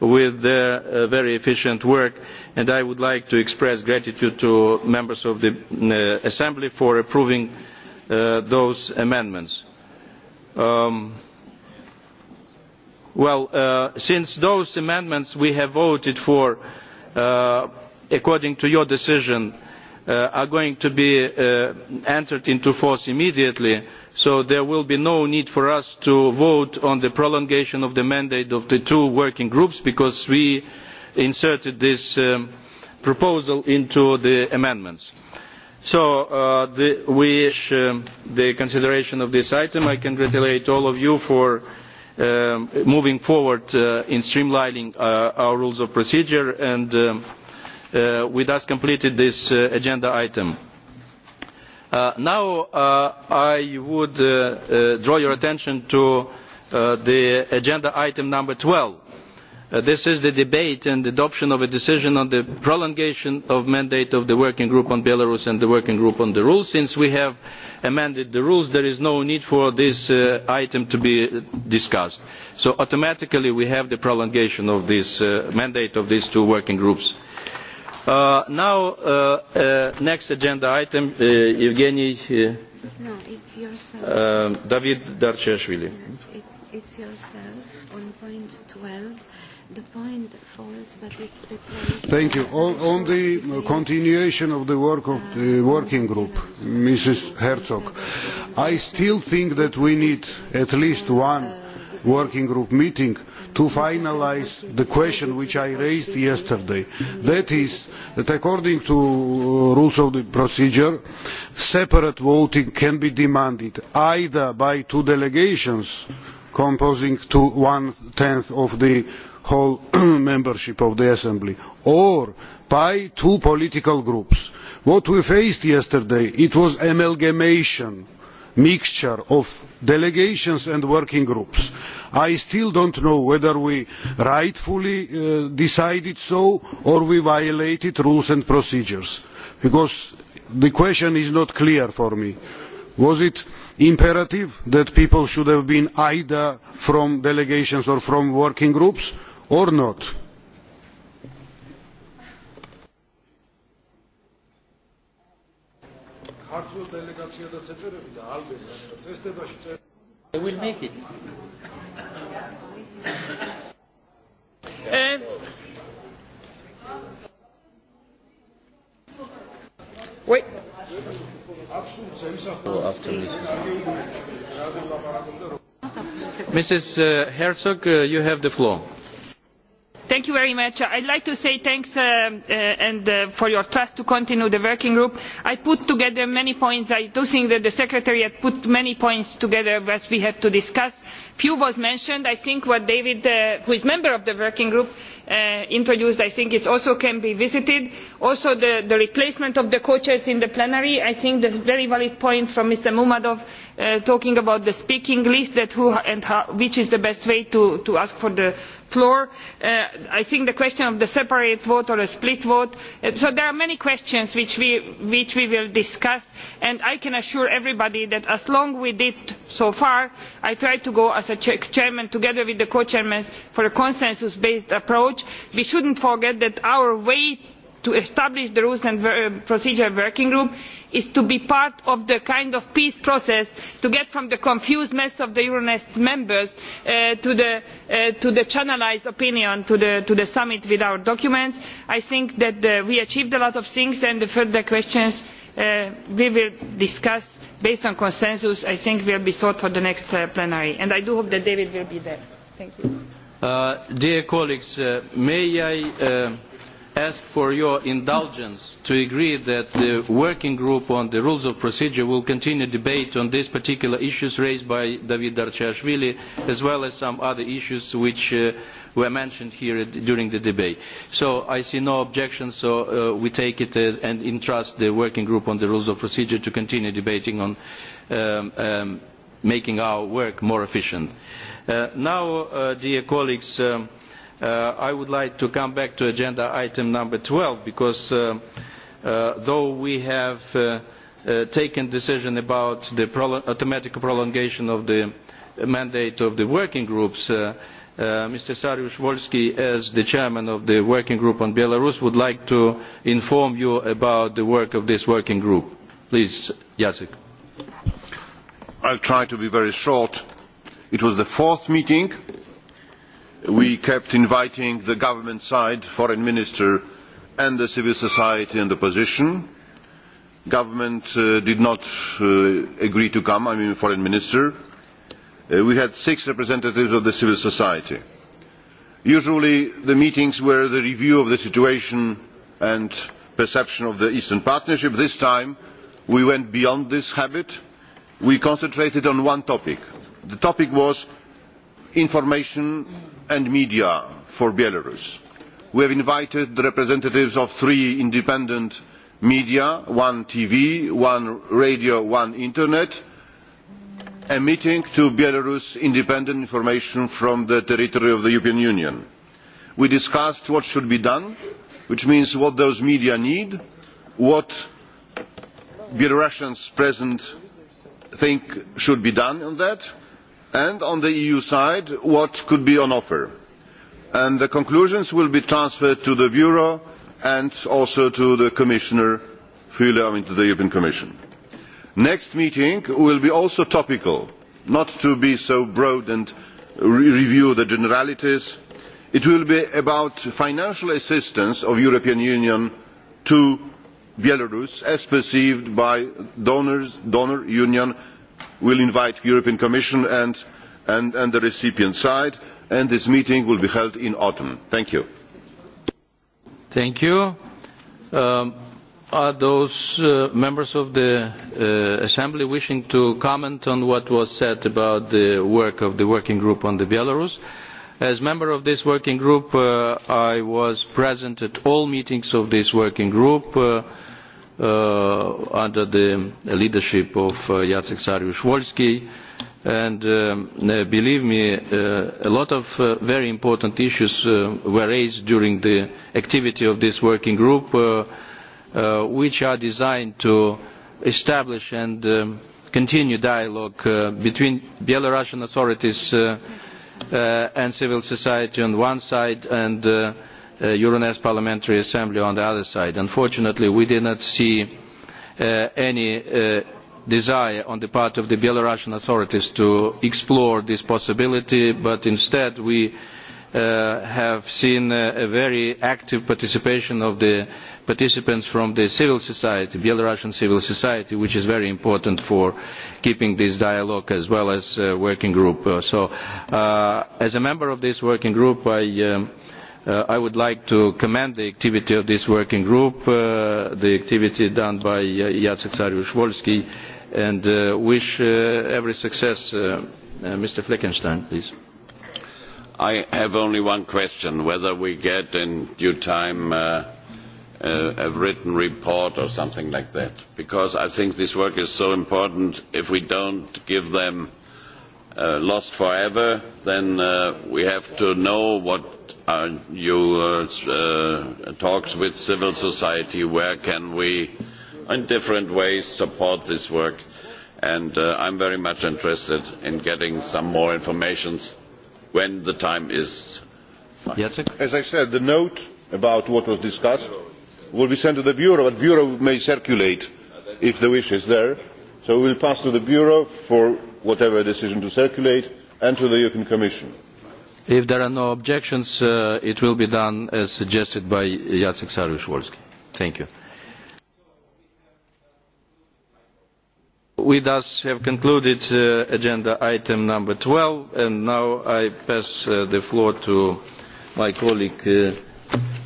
with their very efficient work, and I would like to express gratitude to members of the Assembly for approving those amendments. Well, since those amendments we have voted for, according to your decision, are going to be entered into force immediately so there will be no need for us to vote on the prolongation of the mandate of the two working groups because we inserted this proposal into the amendments. so we wish the consideration of this item. i congratulate all of you for moving forward in streamlining our rules of procedure and we thus completed this agenda item. Now I would draw your attention to the agenda item number 12. This is the debate and adoption of a decision on the prolongation of the mandate of the working group on Belarus and the working group on the rules. Since we have amended the rules, there is no need for this item to be discussed. So automatically we have the prolongation of this mandate of these two working groups. Now, next agenda item, Evgeny No, it's yourself. David Darcheshvili. It's yourself on point 12. The point falls, but it's replaced. Thank you. On the continuation of the work of the working group, Mrs. Herzog, I still think that we need at least one working group meeting to finalise the question which I raised yesterday. That is that according to rules of the procedure, separate voting can be demanded either by two delegations composing to one tenth of the whole membership of the Assembly or by two political groups. What we faced yesterday it was amalgamation, mixture of delegations and working groups. I still don't know whether we rightfully decided so or we violated rules and procedures, because the question is not clear for me. Was it imperative that people should have been either from delegations or from working groups or not? I will make it. And Wait. Mrs. Herzog, you have the floor thank you very much. i like to say thanks and for your trust to continue the working group. i put together many points. i do think that the Secretary had put many points together that we have to discuss. few was mentioned. i think what david who is a member of the working group introduced i think it also can be visited. also the replacement of the co chairs in the plenary i think the very valid point from mr Mumadov, talking about the speaking list and which is the best way to ask for the floor. I think the question of the separate vote or a split vote. So there are many questions which we will discuss and I can assure everybody that as long as we did so far, I tried to go as a chairman together with the co-chairmen for a consensus-based approach. We should not forget that our weight to establish the rules and procedure working group is to be part of the kind of peace process to get from the confused mess of the euronest members to the channelised opinion to the summit with our documents. i think that we achieved a lot of things and the further questions we will discuss based on consensus i think will be sought for the next plenary and i do hope that david will be there. dear colleagues may i I ask for your indulgence to agree that the working group on the rules of procedure will continue debate on these particular issues raised by David Darchashvili as well as some other issues which were mentioned here during the debate. So I see no objection, so we take it and entrust the working group on the rules of procedure to continue debating on making our work more efficient. Now, dear colleagues, I would like to come back to agenda item number 12 because though we have taken decision about the automatic prolongation of the mandate of the working groups, Mr. Sariusz Wolski, as the chairman of the working group on Belarus, would like to inform you about the work of this working group. Please, Jacek. I'll try to be very short. It was the fourth meeting we kept inviting the government side foreign minister and the civil society and the position. government did not agree to come i mean foreign minister. we had six representatives of the civil society. usually the meetings were the review of the situation and perception of the eastern partnership. this time we went beyond this habit. we concentrated on one topic. the topic was information and media for belarus. we have invited the representatives of three independent media one tv one radio one internet a meeting to belarus independent information from the territory of the european union. we discussed what should be done which means what those media need what belarusians present think should be done on that and on the eu side what could be on offer and the conclusions will be transferred to the bureau and also to the commissioner fle to the european commission. the next meeting will be also topical not to be so broad and review the generalities. it will be about financial assistance of the european union to belarus as perceived by the donor union will invite the European Commission and the recipient side, and this meeting will be held in autumn. Thank you. Are those members of the Assembly wishing to comment on what was said about the work of the Working Group on Belarus? As member of this Working Group, I was present at all meetings of this Working Group under the leadership of Jacek Sariusz-Wolski. And believe me, a lot of very important issues were raised during the activity of this working group, which are designed to establish and continue dialogue between Belarusian authorities and civil society on one side and euronest parliamentary assembly on the other side. unfortunately we did not see any desire on the part of the belarusian authorities to explore this possibility but instead we have seen a very active participation of the participants from the civil society belarusian civil society which is very important for keeping this dialogue as well as working group. so as a member of this working group i I would like to commend the activity of this working group, the activity done by Jacek saryusz wolski and wish every success. Mr. Fleckenstein, please. I have only one question, whether we get in due time a written report or something like that, because I think this work is so important. If we don't give them lost forever, then we have to know what are your talks with civil society, where can we in different ways support this work, and I'm very much interested in getting some more information when the time is. As I said, the note about what was discussed will be sent to the Bureau, but the Bureau may circulate if the wish is there. So we will pass to the Bureau for whatever decision to circulate and to the European Commission. If there are no objections, it will be done as suggested by Jacek Saryusz-Wolski. Thank you. We thus have concluded agenda item number 12 and now I pass the floor to my colleague,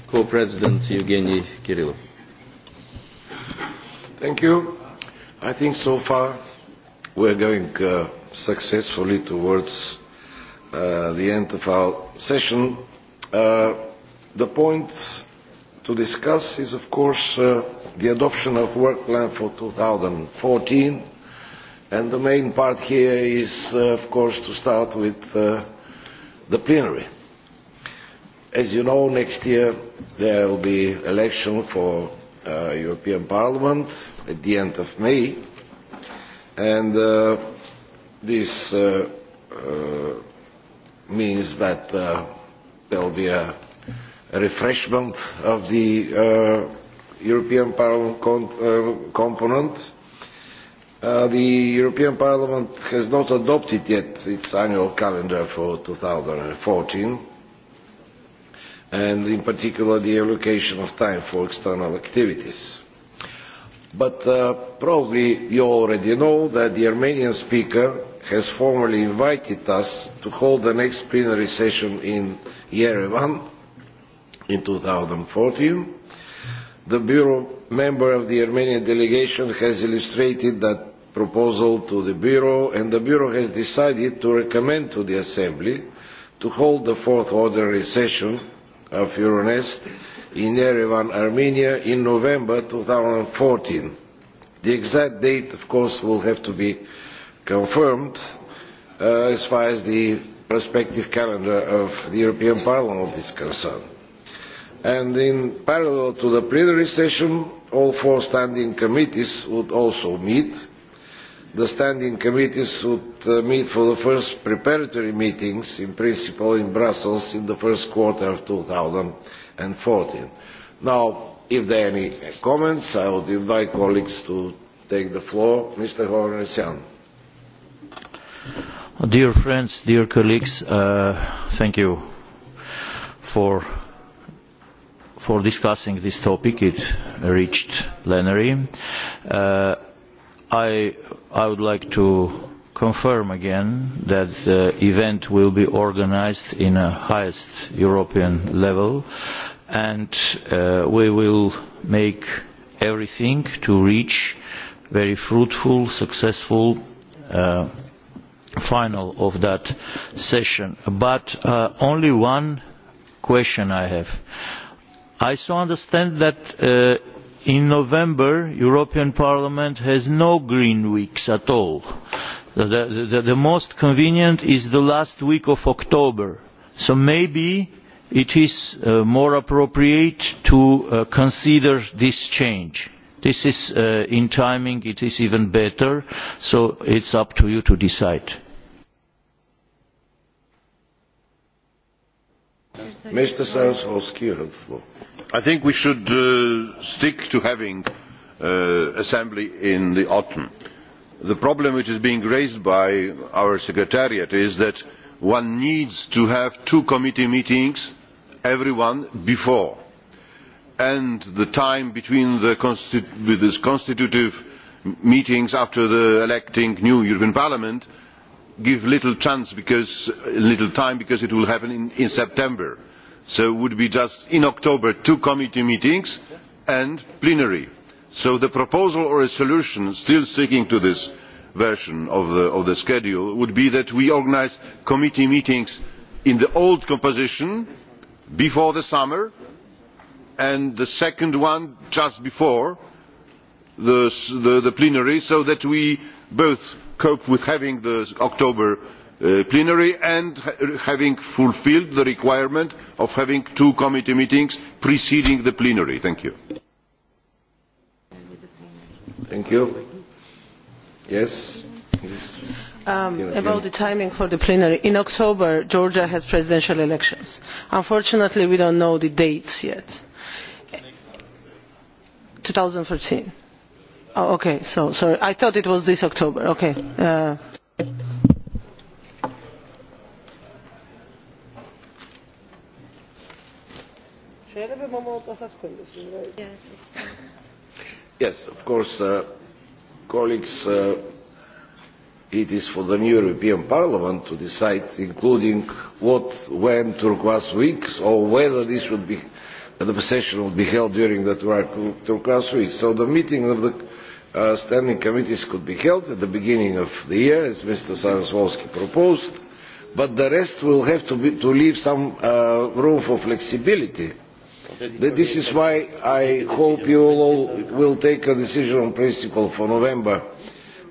co-president Evgeny Kirillov. Thank you. I think so far we are going successfully towards the end of our session. The point to discuss is, of course, the adoption of work plan for 2014, and the main part here is, of course, to start with the plenary. As you know, next year there will be election for European Parliament at the end of May and this means that there will be a refreshment of the European Parliament component. The European Parliament has not adopted yet its annual calendar for 2014 and in particular the allocation of time for external activities. But probably you already know that the Armenian speaker has formally invited us to hold the next plenary session in Yerevan in 2014. The Bureau member of the Armenian delegation has illustrated that proposal to the Bureau and the Bureau has decided to recommend to the Assembly to hold the fourth ordinary session of Euronest in Yerevan, Armenia, in November 2014. The exact date, of course, will have to be confirmed as far as the prospective calendar of the European Parliament is concerned. And in parallel to the plenary session, all four standing committees would also meet. The standing committees would meet for the first preparatory meetings, in principle in Brussels, in the first quarter of 2014 and 14. Now, if there are any comments, I would invite colleagues to take the floor. Mr. Hornersian. Dear friends, dear colleagues, thank you for for discussing this topic. It reached plenary. I I would like to confirm again that the event will be organised in the highest European level and we will make everything to reach very fruitful, successful final of that session. But only one question I have. I so understand that in November European Parliament has no green weeks at all the most convenient is the last week of October. So maybe it is more appropriate to consider this change. This is in timing, it is even better, so it's up to you to decide. Mr. you have the floor. I think we should stick to having assembly in the autumn the problem which is being raised by our secretariat is that one needs to have two committee meetings every one before and the time between the constitutive meetings after the electing new european parliament gives little time because it will happen in september so it would be just in october two committee meetings and plenary so the proposal or a solution still sticking to this version of the schedule would be that we organise committee meetings in the old composition before the summer and the second one just before the plenary so that we both cope with having the october plenary and having fulfilled the requirement of having two committee meetings preceding the plenary. thank you. Thank you. Yes. About the timing for the plenary. In October, Georgia has presidential elections. Unfortunately, we don't know the dates yet. 2014. Okay, so sorry. I thought it was this October. Okay. Yes, of course, colleagues, it is for the new European Parliament to decide, including what, when, turquoise weeks, or whether this would be, the session would be held during the turquoise week. So the meeting of the standing committees could be held at the beginning of the year, as Mr. saryusz proposed, but the rest will have to leave some room for flexibility This is why I hope you all will take a decision on principle for November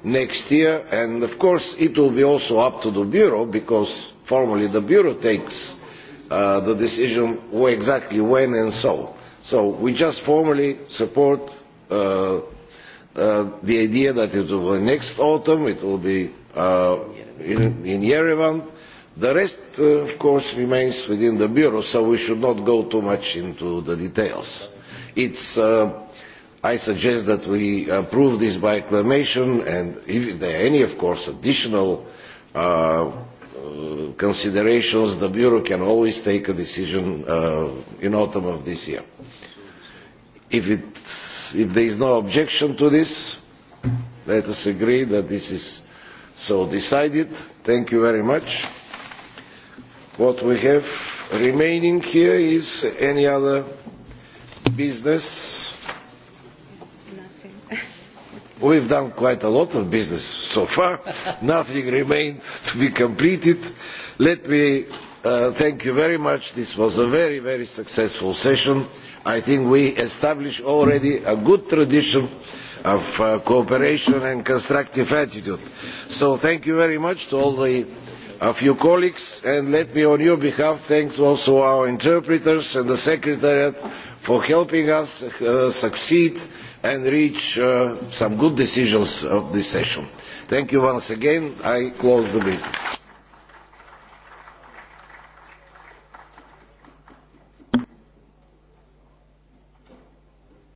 next year and of course it will be also up to the Bureau because formally the Bureau takes the decision exactly when and so. So we just formally support the idea that it will be next autumn, it will be in Yerevan The rest, of course, remains within the Bureau, so we should not go too much into the details. I suggest that we approve this by acclamation, and if there are any, of course, additional considerations, the Bureau can always take a decision in autumn of this year. If there is no objection to this, let us agree that this is so decided. Thank you very much. What we have remaining here is any other business. We've done quite a lot of business so far. Nothing remained to be completed. Let me thank you very much. This was a very, very successful session. I think we established already a good tradition of cooperation and constructive attitude. So thank you very much to all the a few colleagues and let me on your behalf thank also our interpreters and the secretariat for helping us succeed and reach some good decisions of this session. Thank you once again. I close the meeting.